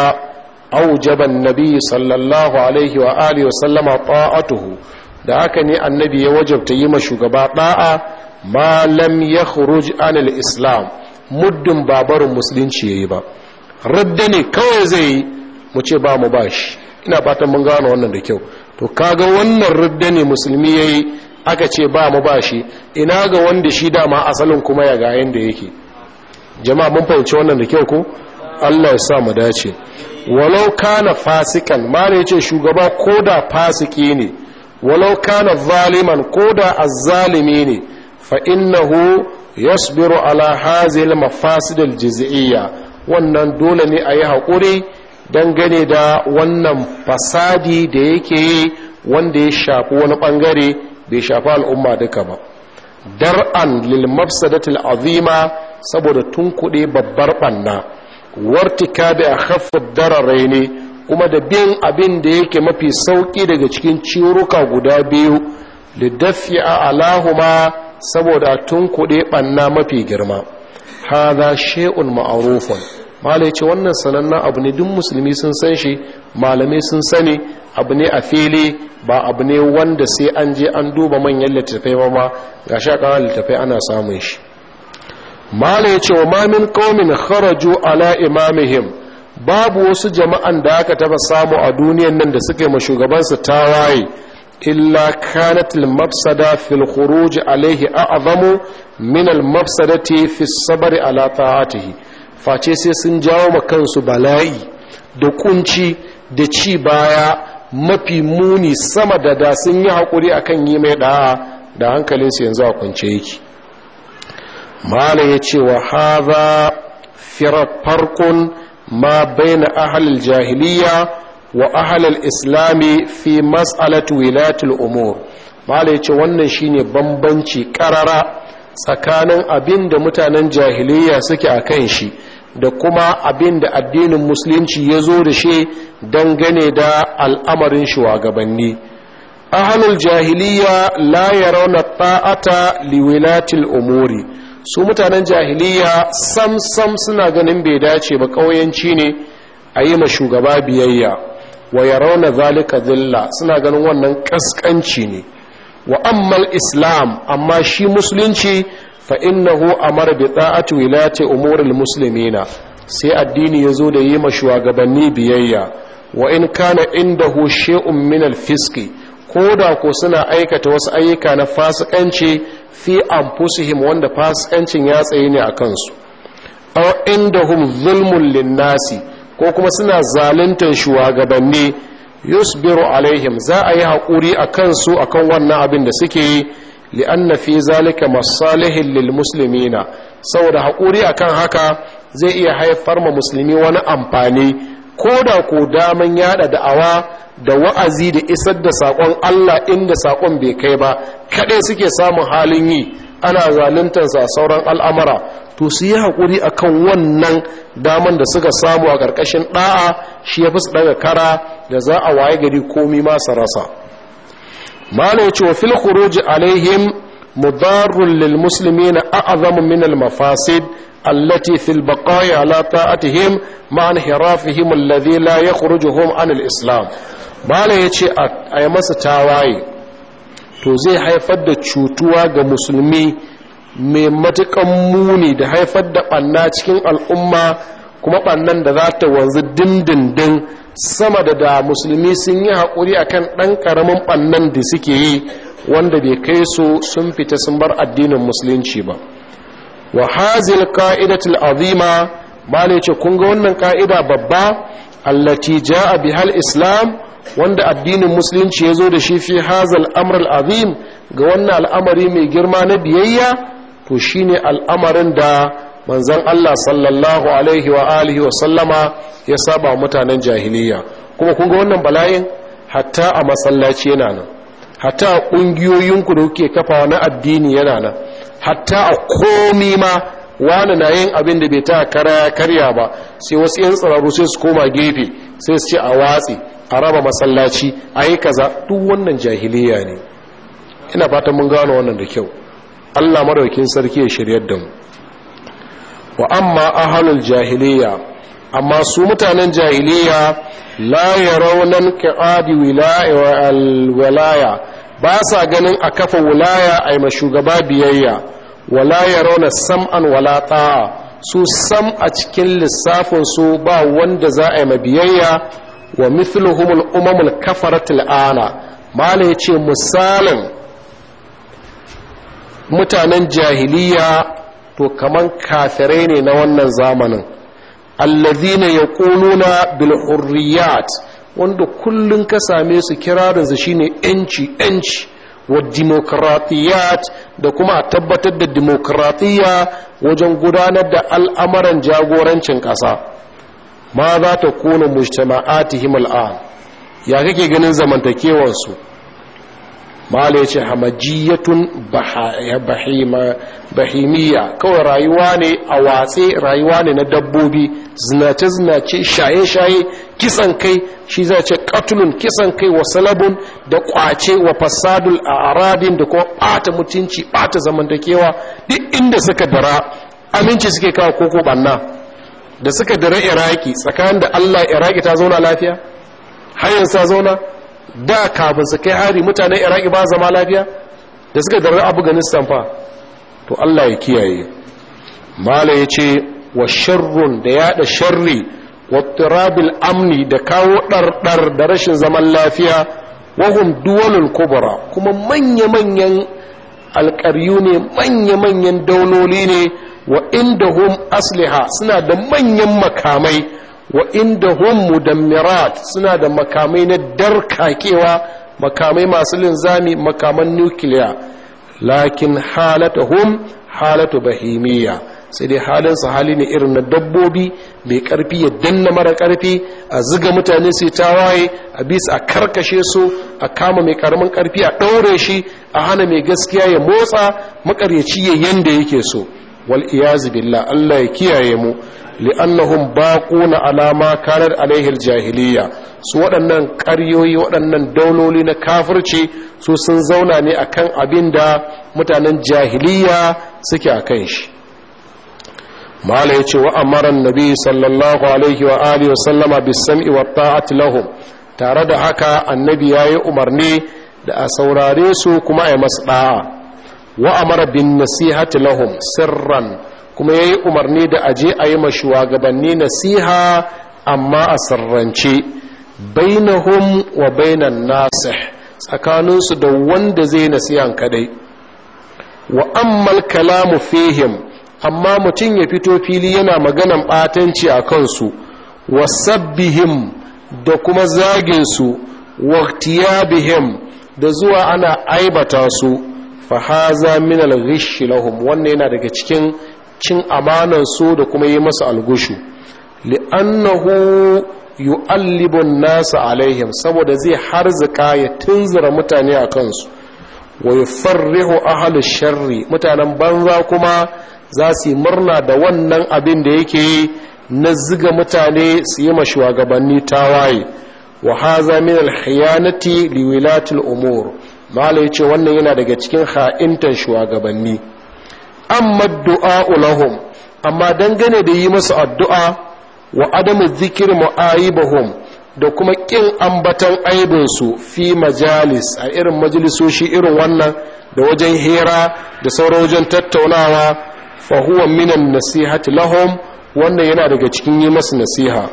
aujaban nabi sallallahu alaihi wa alihi wasallama ta'atuhu da haka ne annabi ya wajabta yi ma shugaba da'a ma lam khuruj anil islam muddin babarin musulunci yi ba radda ne kawai zai yi mu ce ba mu ba shi ina fatan mun gano wannan da kyau to kaga wannan ridda ne musulmi yayi aka ce ba mu ba shi ina ga wanda shi dama asalin kuma ya ga yanda yake jama'a mun fahimci wannan da kyau ko Allah ya sa mu dace walau kana fasikan mare yace shugaba koda fasiki ne walau kana zaliman koda azzalimi ne fa innahu yasbiru ala hazil mafasidil juz'iyya wannan dole ne ayi hakuri Don dangane da wannan fasadi da yake wanda ya shafi wani bangare bai shafi al'umma duka ba dar'an lil mafsadatil azima saboda tunkuɗe babbar banna wartika da akhaffa darare ne kuma da bin abin da yake mafi sauki daga cikin ciwuruka guda biyu da a alahuma saboda tunkuɗe ɓanna mafi girma hadha shay'un ma'rufun malai ce wannan sanannen abu ne duk musulmi sun san shi malamai sun sani abu ne a fili ba abu ne wanda sai an je an duba manyan littattafai ba ma ga sha ƙarar littattafai ana samun shi malai ya ce wa mamin kaumin kharaju ala imamihim babu wasu jama'an da aka taba samu a duniyan nan da suke ma shugabansu tawaye illa kanat al-mafsada fil khuruj alayhi a'zamu min al-mafsadati fi sabr ala ta'atihi face sai sun jawo ma kansu bala'i da kunci da ci baya mafi muni sama da da sun yi haƙuri kan yi mai da da hankalinsu yanzu a kwance yake mala ya ce wa haza farkon ma baina ahalil jahiliya wa ahalil islami fi mas'alat wilatul umur mala ya ce wannan shine bambanci ƙarara tsakanin abin da mutanen jahiliya suke a kan shi da kuma abin da addinin musulunci ya zo da shi dangane da al'amarin shugabanni ahalul jahiliya la yarawna ta'ata liwilatil umuri su mutanen jahiliya sam sam suna ganin bai dace ba kauyanci ne a yi ma shugaba biyayya wa yarawna zalika zilla suna ganin wannan kaskanci ne wa ammal islam amma shi musulunci fa innahu amara bi ta'ati wilati umuril muslimina sai addini ya zo da yima shugabanni biyayya wa in kana indahu shay'un min fiski. fisqi koda ko suna aikata wasu ayyuka na fasikanci fi anfusihim wanda fasikancin ya tsaye ne a kansu aw indahum zulmun linnasi ko kuma suna zaluntar shugabanni yusbiru alaihim za a yi haƙuri a kansu akan wannan abin da suke yi li'anna في ذلك مصالح للمسلمين saboda haƙuri akan haka zai iya haifar ma musulmi wani amfani ko da ko daman yada da'awa da wa'azi da isar da saƙon Allah inda saƙon bai kai ba kaɗai suke samun halin yi ana zaluntansa sa sauran al'amara to su yi haƙuri akan wannan daman da suka samu a ƙarƙashin ɗa'a shi ya fi su ɗaga kara da za a waye gari komi ma rasa mala ya ce wa fil khuruj alaihim mudarrun lil muslimina a'zamu min al mafasid allati fil baqa'i ala ta'atihim ma inhirafihim alladhi la yakhrujuhum an al islam mala ya ce a yi masa tawaye to zai haifar da cutuwa ga musulmi mai matukan muni da haifar da ɓanna cikin al'umma kuma ɓannan da za ta wanzu dindindin sama da da musulmi sun yi haƙuri a kan ɗan ƙaramin ɓannan da suke yi wanda bai kai su sun fita sun bar addinin musulunci ba wa hazil ka'idatul azima ba ne ce kun ga wannan ka'ida babba allati ja'a bihal islam wanda addinin musulunci ya zo da shi fi hazal amr azim ga wannan al'amari mai girma na biyayya to shine al'amarin da manzon Allah sallallahu alaihi wa alihi wa sallama ya saba mutanen jahiliya kuma kun ga wannan bala'in hatta a masallaci yana nan hatta a ƙungiyoyinku da kuke kafawa na addini yana nan hatta a komi ma wani na yin abin da bai ta kara karya ba sai wasu yan tsararru sai su koma gefe sai su ce a watsi a raba masallaci a yi kaza duk wannan jahiliya ne ina fatan mun gano wannan da kyau allah maraukin sarki ya shiryar da mu wa amma ahalul jahiliya amma su mutanen jahiliya la yarawnan qi'adi wilaya ba sa ganin a kafa wilaya ai mashugaba biyayya wala yarawna sam'an wala ta'a su sam a cikin lissafin su ba wanda za a yi mabiyayya wa mithluhumul umamul kafaratul ana mala yace misalin mutanen jahiliya to kaman kafirai ne na wannan zamanin allazina ya bil hurriyat wanda kullum ka same su kirarinsu su shine yanci yanci wa demokratiyat da kuma a tabbatar da demokratiya wajen gudanar da al'amuran jagorancin ƙasa ma za ta kone mujtama'atihim al'an ya kake ganin zamantakewarsu mala ya ce hamajiyatun bahimiyya kawai rayuwa ne a watse rayuwa ne na dabbobi zinace-zinace shaye-shaye kisan kai shi za ce katulun kisan kai wa salabun da kwace wa fasadul a aradin da kuma bata mutunci bata zamantakewa duk inda suka dara aminci suke kawo koko banna da suka dara iraki tsakanin da allah iraki ta zauna lafiya hanyar sa zauna da kafin su kai hari mutanen iraki ba zama lafiya da suka garra afghanistan fa to allah ya kiyaye mala ya ce wa sharrun da yada sharri wa turabil amni da kawo ɗarɗar da rashin zaman lafiya wahum duwalul kubra kuma manya-manyan alƙaryu ne manya-manyan dauloli ne wa inda hum asliha suna da manyan makamai wa inda mudammirat suna da makamai na darkakewa makamai masu linzami makaman nukiliya lakin halata hun halata bahimiyya sai dai halinsa hali ne irin na dabbobi mai karfi ya danna mara karfi a ziga mutane sai waye a bisa a karkashe su a kama mai karamin karfi a ɗaure shi a hana mai gaskiya ya motsa makaryaci ya yanda yake so wal billah Allah ya kiyaye mu li'annahum baquna ala alama kanat alaihi jahiliya su waɗannan ƙaryoyi waɗannan dauloli na kafirci su sun zauna ne kan abin da mutanen jahiliya suke kan shi mala yace wa amara annabi sallallahu alaihi wa alihi wa sallama bis-sam'i wa ta'ati tare da haka annabi yayi umarni da a saurare su kuma a yi masu wa amara bin nasiha lahum sirran kuma ya yi umarni da aje a yi shugabanni nasiha amma a sirrance bainahum wa bainan nasih tsakaninsu da wanda zai nasihan kadai wa ammal kalamu fihim amma mutum ya fito fili yana maganan batanci a kansu wa sabbihim da kuma zaginsu wa bihim da zuwa ana aibata su fa haza min al lahum wannan yana daga cikin cin amanan su da kuma yi masa algushu li'annahu yu'allibu an-nas alaihim saboda zai harzuka ya tunzura mutane a kansu wa yufarrihu ahli sharri mutanen banza kuma za su murna da wannan abin da yake na ziga mutane su yi shugabanni tawaye wa haza min al liwilatil umur mala ya ce wannan yana daga cikin ha'intan shugabanni amma du'a ulahum amma dangane da yi masu addu'a wa adamu zikir bahum da kuma kin ambatan aibinsu fi majalis a irin majalisoshi irin wannan da wajen hera da sauran wajen tattaunawa fa huwa minan nasihat lahum wannan yana daga cikin yi masu nasiha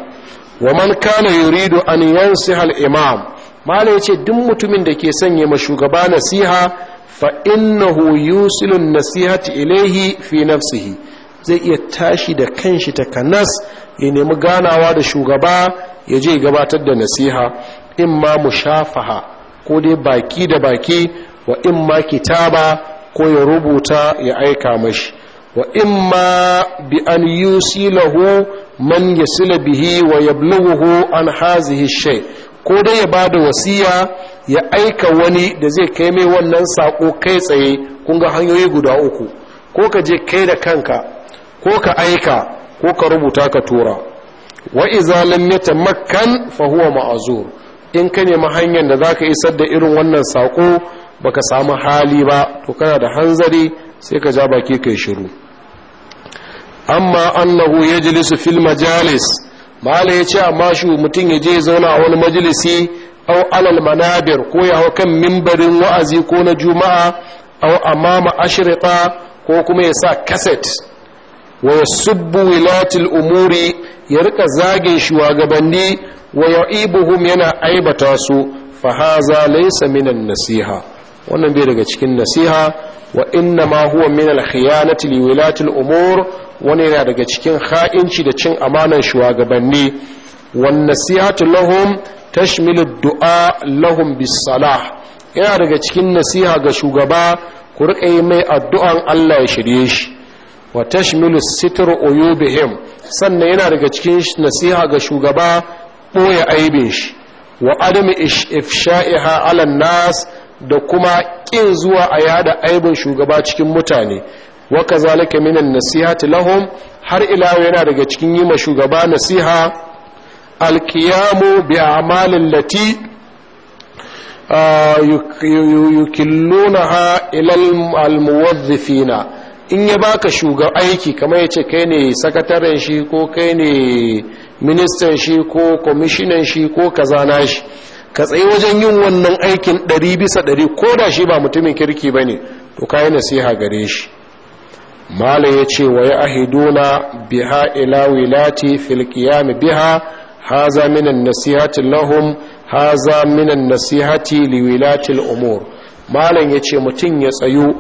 wa man kana yuridu an yansiha al-imam malai ce duk mutumin da ke sanya ma shugaba nasiha fa innahu yusilu nasihati ilaihi fi nafsihi zai iya tashi da kanshi ta kanas ya nemi ganawa da shugaba ya je gabatar da nasiha in imma mushafaha ko dai baki da baki wa ma kitaba ko ya rubuta ya aika mashi wa ma bi an yusilahu man yasila bihi wa yablughu an hazihi shay' ko dai ya bada wasiya ya aika wani da zai kai mai wannan sako kai tsaye kun ga hanyoyi guda uku ko ka je kai da kanka ko ka aika ko ka rubuta ka tura wa iza lam yatamakkan fa huwa ma'zur in ka nemi hanyar da zaka isar da irin wannan sako baka samu hali ba to kana da hanzari sai ka ja baki kai shiru amma annahu yajlisu fil majalis mala ya ce amma shi mutum ya je zauna a wani majalisi au alal manabir ko ya hau kan mimbarin wa'azi ko na juma'a au amama ashirita ko kuma ya sa kaset wa Subbu wilatil umuri ya rika zagin shugabanni wa ya'ibuhum yana aibata su fa haza laysa minan nasiha wannan bai daga cikin nasiha wa inna ma huwa min al khiyanati li wilatil umur wani yana daga cikin ha'inci da cin amanan shugabanni wan nasihatu lahum tashmilu du'a lahum bis yana daga cikin nasiha ga shugaba ku rika yi mai addu'an Allah ya shirye shi wa tashmilu sitr uyubihim sannan yana daga cikin nasiha ga shugaba boye aibin shi wa adami ifsha'iha ala nas da kuma kin zuwa a yada aibin shugaba cikin mutane wa kazalika minan nasihati lahum har ila yana daga cikin yi ma shugaba nasiha alkiyamu bi a'malin lati ah, yukillunaha ila almuwazzifina in ya baka shugab aiki kamar yace kai ne sakataren shi ko kai ne ministan shi ko kwamishinan shi ko kazana shi ka tsaye wajen yin wannan aikin ɗari bisa ɗari ko da shi ba mutumin kirki ba ne to kayi nasiha gare shi mala ya ce wa ya ahiduna biha ila wilati fil biha haza minan nasihati lahum haza minan nasihati li wilati umur malam ya ce mutum ya tsayo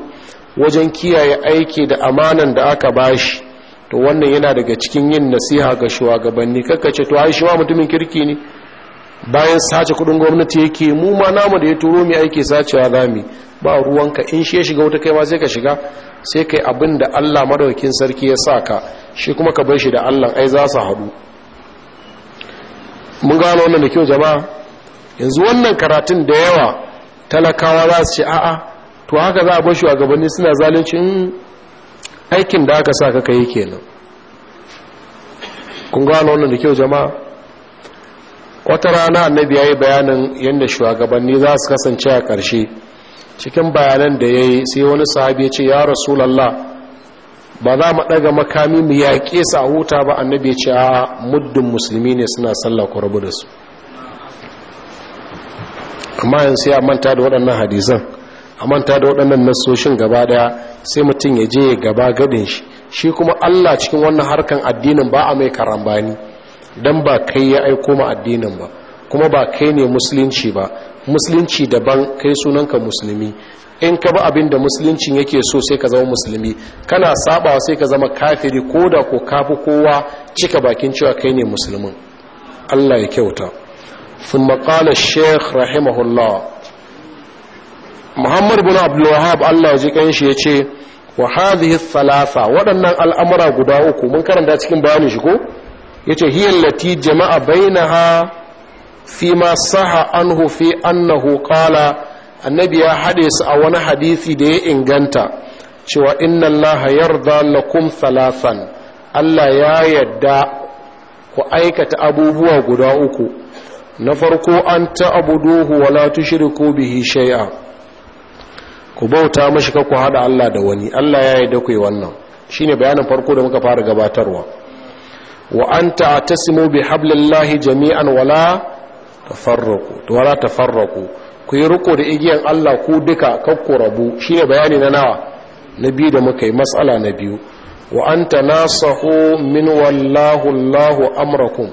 wajen kiyaye aiki da amanan da aka bashi to wannan yana daga cikin yin nasiha ga shugabanni kakace to ai shi wa mutumin kirki ne bayan sace kudin gwamnati yake mu ma namu da ya turo mai aiki sacewa zami ba ruwanka in shi ya shiga wuta kai ma sai ka shiga sai kai abin da Allah madaukin sarki ya sa ka shi kuma ka bar shi da Allah ai za su haɗu mun gano wannan da kyau jama'a yanzu wannan karatun da yawa talakawa za su ce a'a to haka za a bar shi a gabanni suna zalincin aikin da aka sa ka kai kenan kun gano wannan da kyau jama'a wata rana annabi ya yi bayanin yadda shugabanni za su kasance a ƙarshe cikin bayanan da ya yi sai wani sahabi ya ce ya rasulallah ba za mu ɗaga makami mu yaƙe su a huta ba annabi ya ce a muddin musulmi ne suna sallah ku rabu da su amma yanzu a manta da waɗannan hadisan a manta da waɗannan nasoshin gaba ɗaya sai mutum ya je ya gaba gadin shi shi kuma allah cikin wannan harkan addinin ba a mai karambani don ba kai ya aiko ma addinin ba kuma ba kai ne musulunci ba musulunci daban kai sunanka musulmi in ka ba abin da musuluncin yake so sai ka zama musulmi kana sabawa sai ka zama kafiri ko da ko kafi kowa cika bakin cewa kai ne musulmin Allah ya kyauta sun makalar sheikh rahimahullah muhammad bin abdullahab Allah ya ji kanshi ya ce wa hadhihi thalatha waɗannan al'amura guda uku mun karanta cikin bayanin shi ko yace hiya lati jama'a bainaha fi ma saha anhu fi annahu kala annabi ya haɗe su a wani hadisi da ya inganta cewa inna allaha yarda lakum thalathan Allah ya yadda ku aikata abubuwa guda uku na farko an ta'buduhu wa la tushriku bihi shay'a ku bauta mashi ka ku hada Allah da wani Allah ya yadda ku yi wannan shine bayanin farko da muka fara gabatarwa wa an ta'tasimu bi hablillahi jami'an wala tafarraku to wala tafarraku ku yi riko da igiyan Allah ku duka ku rabu shine bayani na nawa na biyu da muka yi matsala na biyu wa anta nasahu min wallahu Allahu amrakum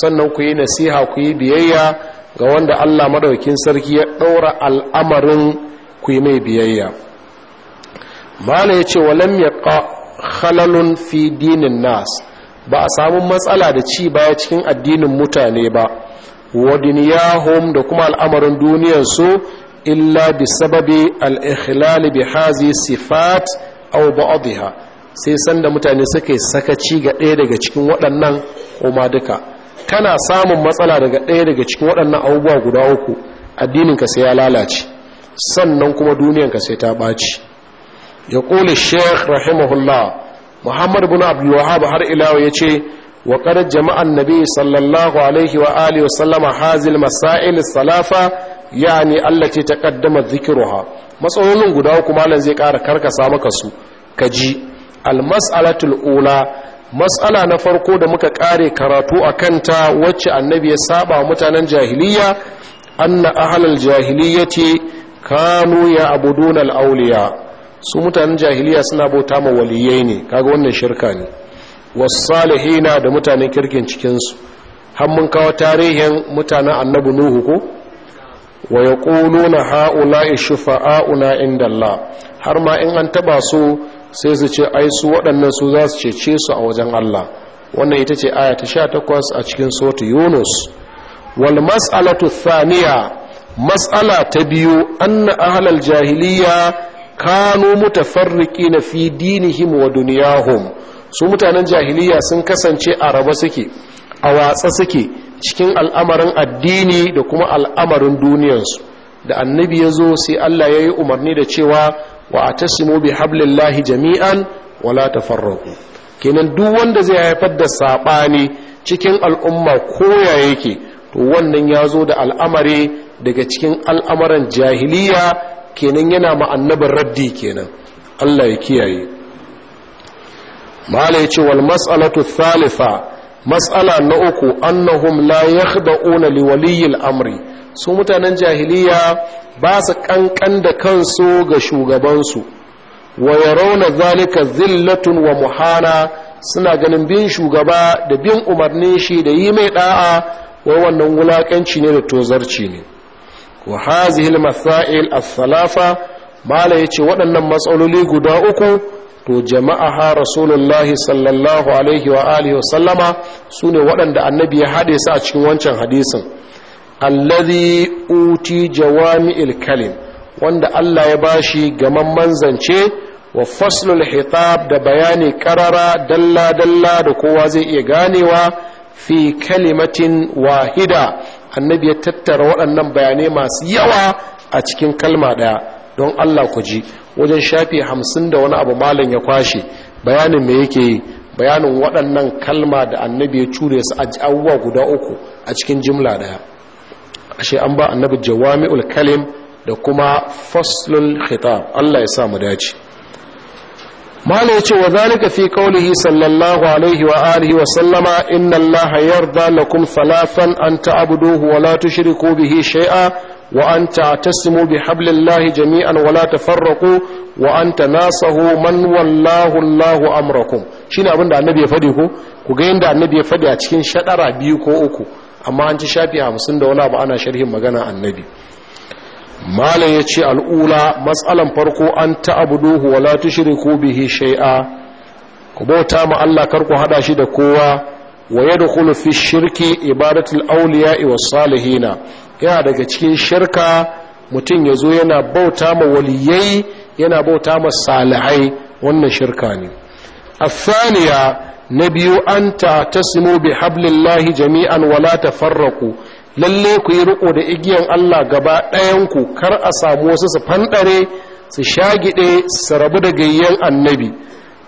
sannan ku yi nasiha ku yi biyayya ga wanda Allah madaukin sarki ya daura al'amarin ku yi mai biyayya mala yace walam yaqa khalalun fi dinin nas ba a samu matsala da ci baya cikin addinin mutane ba ودنياهم duniyahum da kuma al'amarin su illa bi sababi al-ikhlal bi hazi sifat aw sai sanda mutane suke sakaci ga ɗaya daga cikin waɗannan koma duka kana samun matsala daga ɗaya daga cikin waɗannan abubuwa guda uku addininka sai ya lalace sannan kuma duniyanka sai ta ɓaci ya ƙoli sheikh rahimahullah muhammad bin Abdulwahab har ilawa ya ce wa qad jama'a annabi sallallahu alaihi wa alihi wa sallama hazil masail salafa yani allati taqaddama dhikruha matsalolin guda uku malam zai ƙara karkasa maka su ka ji. mas'alatul ula matsala na farko da muka kare karatu a kanta wacce annabi ya saba mutanen jahiliya anna ahlal jahiliyyati kanu ya abuduna al-awliya su mutanen jahiliya suna bauta ma waliyai ne ga wannan shirka ne wasalihina da mutanen kirkin cikinsu har mun kawo tarihin mutanen annabi nuhu ko wa yaquluna haula'i inda indallah har ma in an taba su sai su ce ai su waɗannan su za su cece su a wajen Allah wannan ita ce aya ta sha takwas a cikin sura Yunus wal mas'alatu thaniya mas'ala ta biyu anna ahlal jahiliya kanu mutafarriqina fi dinihim wa dunyahum su mutanen jahiliya sun kasance a raba suke a watsa suke cikin al'amarin addini da kuma al'amarin duniyansu da annabi ya zo sai Allah ya yi umarni da cewa wa a tasimo bi hablillahi jami'an wala ta tafarraku kenan duk wanda zai haifar da saɓani cikin al'umma koya yake to wannan ya zo da al'amari daga cikin al'amaran jahiliya kenan yana ma'annabar raddi kenan Allah ya kiyaye mala yace wal mas'alatu thalitha na uku annahum la yakhda'una li waliyil amri su mutanen jahiliya ba su ƙanƙan da kansu ga shugabansu wa yarawna zalika zillatun wa muhana suna ganin bin shugaba da bin umarnin shi da yi mai ɗa'a. wai wannan wulaƙanci ne da tozarci ne wa hazihi masail as-salafa mala yace waɗannan matsaloli guda uku to jama'a ha rasulullahi sallallahu alaihi wa alihi wasallama su ne waɗanda annabi ya haɗe su a cikin wancan hadisin allazi uti jawami'il kalim wanda Allah ya bashi gaman manzance wa faslul hitab da bayani karara dalla dalla da kowa zai iya ganewa fi kalimatin wahida annabi ya tattara waɗannan bayanai masu yawa a cikin kalma ɗaya don Allah ku ji wajen shafi hamsin da wani abu malam ya kwashe bayanin me yake yi bayanin waɗannan kalma da annabi ya cure su a awwa guda uku a cikin jimla daya ashe an ba annabi jawami'ul kalim da kuma faslul khitab Allah ya sa mu dace ya ce wa zalika fi qawlihi sallallahu alaihi wa alihi wa sallama inna allaha yarda lakum thalathan an ta'buduhu wa la tushriku bihi shai'a. wa an ta'tasimu bi hablillahi jami'an wala tafarraqu wa an tanasahu man wallahu Allahu amrakum shine abin da annabi ya fadi ko ku ga yanda annabi ya fadi a cikin shaɗara biyu ko uku amma an ci shafi hamsin da wani abu ana sharhin magana annabi malam ya ce al'ura matsalar farko an ta'abuduhu wa la ko bihi shai'a ku bauta ma Allah kar ku haɗa shi da kowa wa yadkhulu fi shirki ibadatul awliya'i was salihina yana daga cikin shirka mutum ya zo yana bauta ma waliyai yana bauta ma salihai wannan shirka ne na biyu an ta أن تعتصموا بحبل jami'an wala ta farraku lalle ku yi riko da igiyan Allah gaba ɗayanku kar a samu wasu su fanɗare su shagiɗe su rabu da gayyan annabi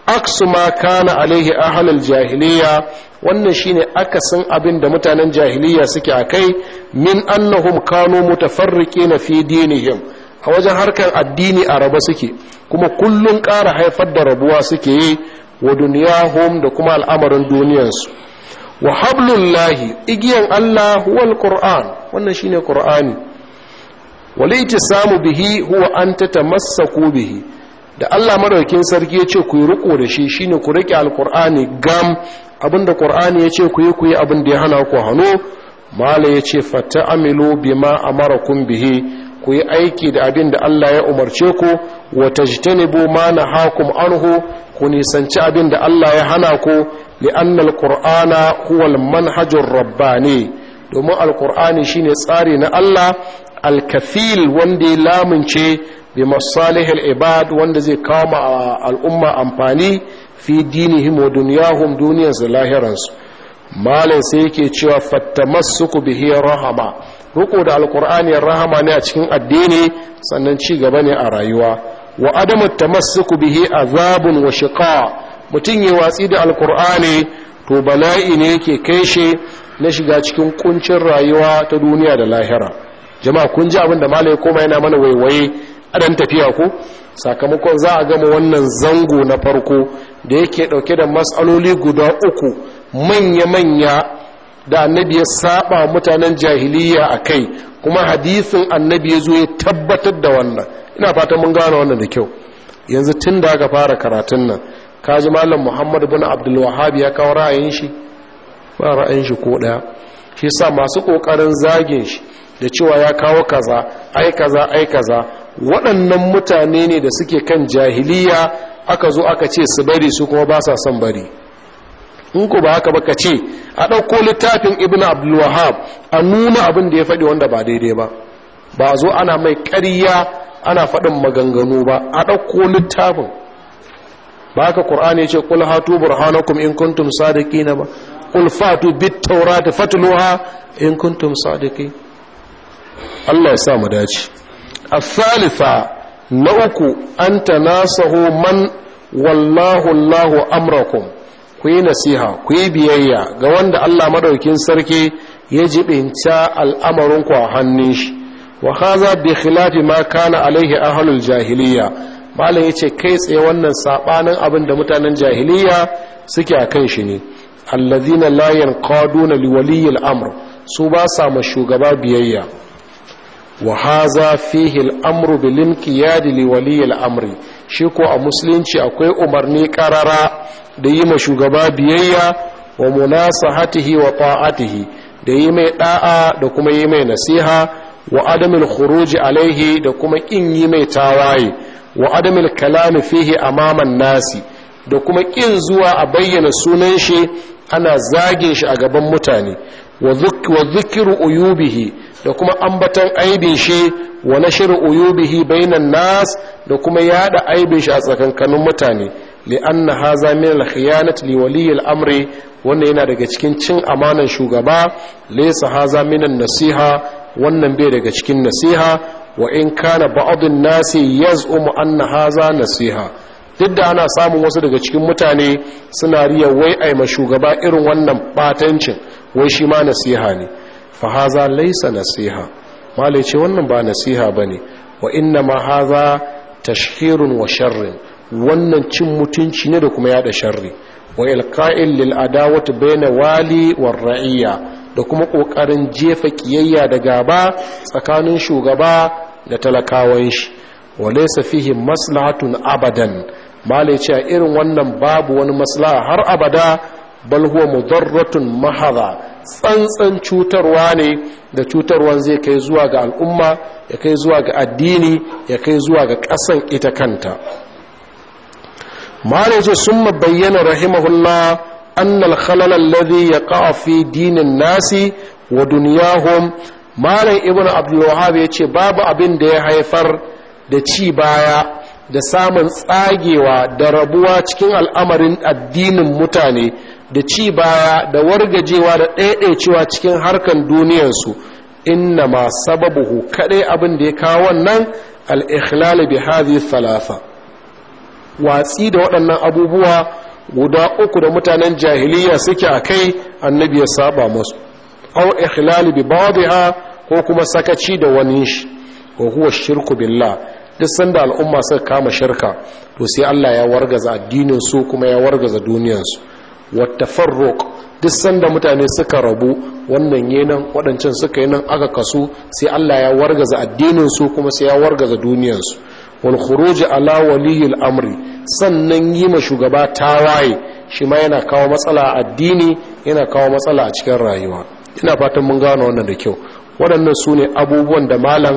aksu ma kana alaihi ahlul jahiliya wannan shine akasin abin da mutanen jahiliya suke akai min annahum kanu mutafarriqina fi dinihim a wajen harkar addini a raba suke kuma kullun ƙara haifar da rabuwa suke yi wa duniyahum da kuma al'amarin duniyar wa hablullahi igiyan Allah huwal qur'an wannan shine qur'ani wal bihi huwa an tatamassaku bihi da Allah madaukin sarki ya ce ku yi riko da shi shine ku rike alqur'ani gam abinda qur'ani ya ce ku yi ku yi abin da ya hana ku hano mala ya ce amilu bima amarakum bihi ku yi aiki da abin da Allah ya umarce ku wa tajtanibu ma nahakum anhu ku nisanci abin da Allah ya hana ku li'anna alqur'ana huwal manhajur rabbani domin alkur'ani ne tsari na Allah alkafil wanda ya lamince bi masalihil ibad wanda zai kawo ma al'umma amfani fi dinihim wa dunyahum duniyar lahiransu malam sai yake cewa ku bihe rahama ruko da alkur'ani rahama ne a cikin addini sannan ci gaba ne a rayuwa wa adamu tamassuku bihi azabun wa shiqa mutun yi watsi da alkur'ani to bala'i ne yake kai shi na shiga cikin kuncin rayuwa ta duniya da lahira jama'a kun ji abin da malai koma yana mana waiwaye a dan tafiya ko sakamakon za a gama wannan zango na farko da yake ɗauke da matsaloli guda uku manya-manya da annabi ya saba mutanen jahiliya a kai kuma hadisin annabi ya zo ya tabbatar da wannan ina fatan mun gane wannan da kyau yanzu tun da aka fara karatun nan kaji malam muhammad bin abdul ya kawo ra'ayin shi ba ra'ayin shi ko ɗaya shi sa masu kokarin zagin shi da cewa ya kawo kaza ai kaza ai kaza waɗannan mutane ne da suke kan jahiliya aka zo aka ce su bari su kuma ba sa son bari in ku ba haka ba ka ce a ɗauko littafin ibn abdulwahab a nuna abin da ya faɗi wanda ba daidai ba ba zo ana mai ƙarya ana faɗin maganganu ba a ɗauko littafin ba haka ƙur'ani ce kul hatu burhanakum in kuntum sadiqina ba qul fatu bit tawrat fatluha in kuntum sadiqin Allah ya sa mu dace as-salisa na uku anta nasahu man amrakum kuyi nasiha kuyi biyayya ga wanda Allah madaukin sarki ya jibinta al'amarin ku a hannun shi wa haza bi khilafi ma kana alaihi ahlul jahiliya malam yace kai tsaye wannan sabanin abin da mutanen jahiliya suke a kan shi ne allazina la yanqaduna liwaliy al-amr su ba sa ma shugaba biyayya wa haza fihi al-amru bil inqiyad liwaliy al shi ko a musulunci akwai umarni karara da yi ma shugaba biyayya wa munasahatihi wa ta'atihi da yi mai da'a da kuma yi mai nasiha wa adamul khuruji alaihi da kuma kin yi mai tawaye wa adamul kalami fihi amaman nasi da kuma ƙin zuwa a bayyana sunan shi ana zagin shi a gaban mutane wa zikiru uyubihi da kuma ambatan aibin shi wa nashir uyubihi bainan nas da kuma yada aibin shi a tsakankanin mutane li'anna haza min al-khiyanat li waliy al-amri wannan yana daga cikin cin amanan shugaba laysa haza min nasiha wannan bai daga cikin nasiha wa in kana ba'd an-nasi yaz'umu anna haza nasiha duk da ana samun wasu daga cikin mutane suna riya wai a ma shugaba irin wannan batancin wai shi ma nasiha ne fa haza laisa nasiha malai ce wannan ba nasiha bane wa inna ma haza tashhirun wa sharrin wannan cin mutunci ne da kuma yada sharri wa ilqa'il lil adawati baina wali war ra'iyya da kuma kokarin jefa kiyayya da gaba tsakanin shugaba da talakawan shi wa laysa fihi maslahatun abadan malai ce irin wannan babu wani maslaha har abada bal huwa mudarratun mahadha tsantsan cutarwa ne da cutarwan zai kai zuwa ga al'umma ya kai zuwa ga addini ya kai zuwa ga ƙasan ita kanta malai ce sun bayyana rahimahullah annal khalal alladhi yaqa fi dinin nasi wa dunyahum malam ibn abdul ya yace babu abin da ya haifar da ci baya da samun tsagewa da rabuwa cikin al'amarin addinin mutane da ci baya da wargajewa da ɗaiɗaicewa cikin harkan duniyarsu inna ma sababuhu kaɗai abin da ya kawo wannan al'ikhlali bi hadhihi thalatha watsi da waɗannan abubuwa guda uku da mutanen jahiliya suke a kai annabi ya saba musu aw ikhlali bi ba'dha ko kuma sakaci da wani shi ko huwa shirku billah duk sanda al'umma suka kama shirka to sai Allah ya wargaza addinin su kuma ya wargaza duniyar su farroq duk sanda mutane suka rabu wannan yenan wadancan suka yi nan aka kasu sai Allah ya wargaza addinin su kuma sai ya wargaza duniyar su wal khuruj ala waliyil amri sannan yi ma shugaba tawaye shi ma yana kawo matsala a addini yana kawo matsala a cikin rayuwa ina fatan mun gano wannan da kyau waɗannan su ne abubuwan da malam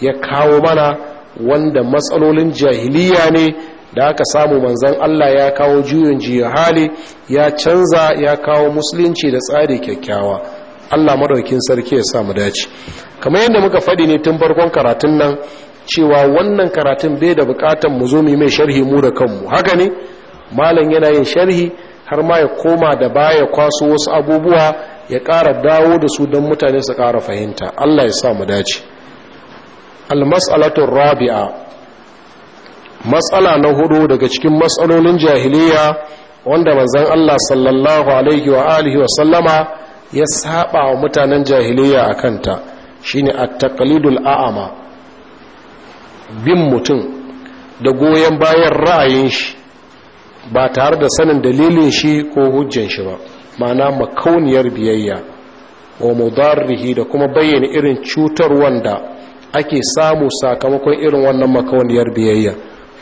ya kawo mana wanda matsalolin jahiliya ne da aka samu manzan Allah ya kawo juyin jiya hali ya canza ya kawo musulunci da tsari kyakkyawa Allah maɗaukin sarki ya samu dace kamar yadda muka faɗi ne tun farkon karatun nan cewa wannan karatun bai da bukatan mu zo mu mai sharhi mu da kanmu haka ne malam yana yin sharhi har ma ya koma da baya kwaso wasu abubuwa ya ƙara dawo da su don mutane su ƙara fahimta Allah ya sa mu dace almas'alatu rabi'a matsala na hudu daga cikin matsalolin jahiliya wanda manzon Allah sallallahu alaihi wa alihi wa sallama ya saba wa mutanen jahiliya kanta shine at-taqlidul a'ama bin mutum da goyon bayan ra'ayin shi ba tare da sanin dalilin shi ko hujjan shi ba ma'ana makauniyar biyayya wa mudarrihi da kuma bayyana irin cutar wanda ake samu sakamakon irin wannan makauniyar biyayya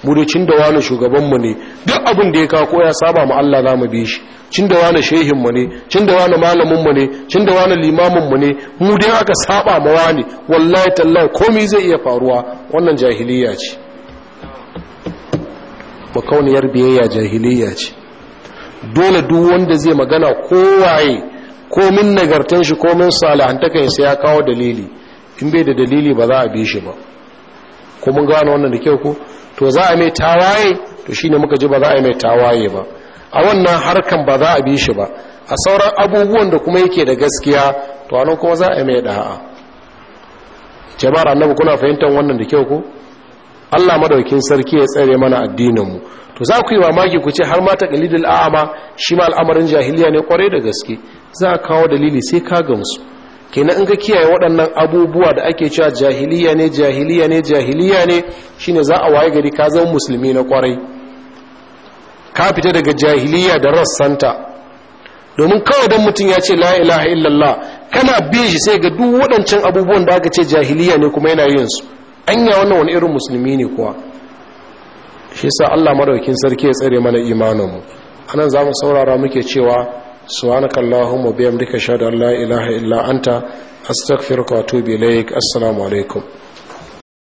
budicin da wani shugabanmu ne duk abin da ya kako ya saba mu Allah za mu bi shi cin da wani shehinmu ne cin da wani malaminmu ne cin da wani limaminmu ne mu dai aka saba ma wani wallahi tallahi komai zai iya faruwa wannan jahiliya ce makawaniyar biyayya jahiliya ce dole duk wanda zai magana kowaye komin nagartan shi komin salahantakan sai ya kawo dalili in bai da dalili ba za a bi shi ba ko mun gano wannan da kyau ko to za a mai tawaye to shine muka ji ba za a mai tawaye ba a wannan harkan ba za a bi shi ba a sauran abubuwan da kuma yake da gaskiya to anan kuma za a mai da'a jama'ar annabi kuna fahimtar wannan da kyau ko Allah madaukin sarki ya tsare mana addinin mu to za ku yi mamaki ku ce har ma ta taqlidul a'ama shi ma al'amarin jahiliya ne kware da gaske za a kawo dalili sai ka gamsu kenan in ka kiyaye waɗannan abubuwa da ake cewa jahiliya ne jahiliya ne jahiliya ne shine za a waye gari ka zama musulmi na kwarai ka fita daga jahiliya da rassanta domin kawai dan mutum ya ce la ilaha illallah kana bi shi sai ga duk waɗancan abubuwan da aka ce jahiliya ne kuma yana yin su anya wannan wani irin musulmi ne kuwa shi sa Allah madaukakin sarki ya tsare mana imanin mu anan zamu saurara muke cewa subhanaka duka bihamdika shada la ilaha illa anta astaghfiruka wa atubu ilaik assalamu alaikum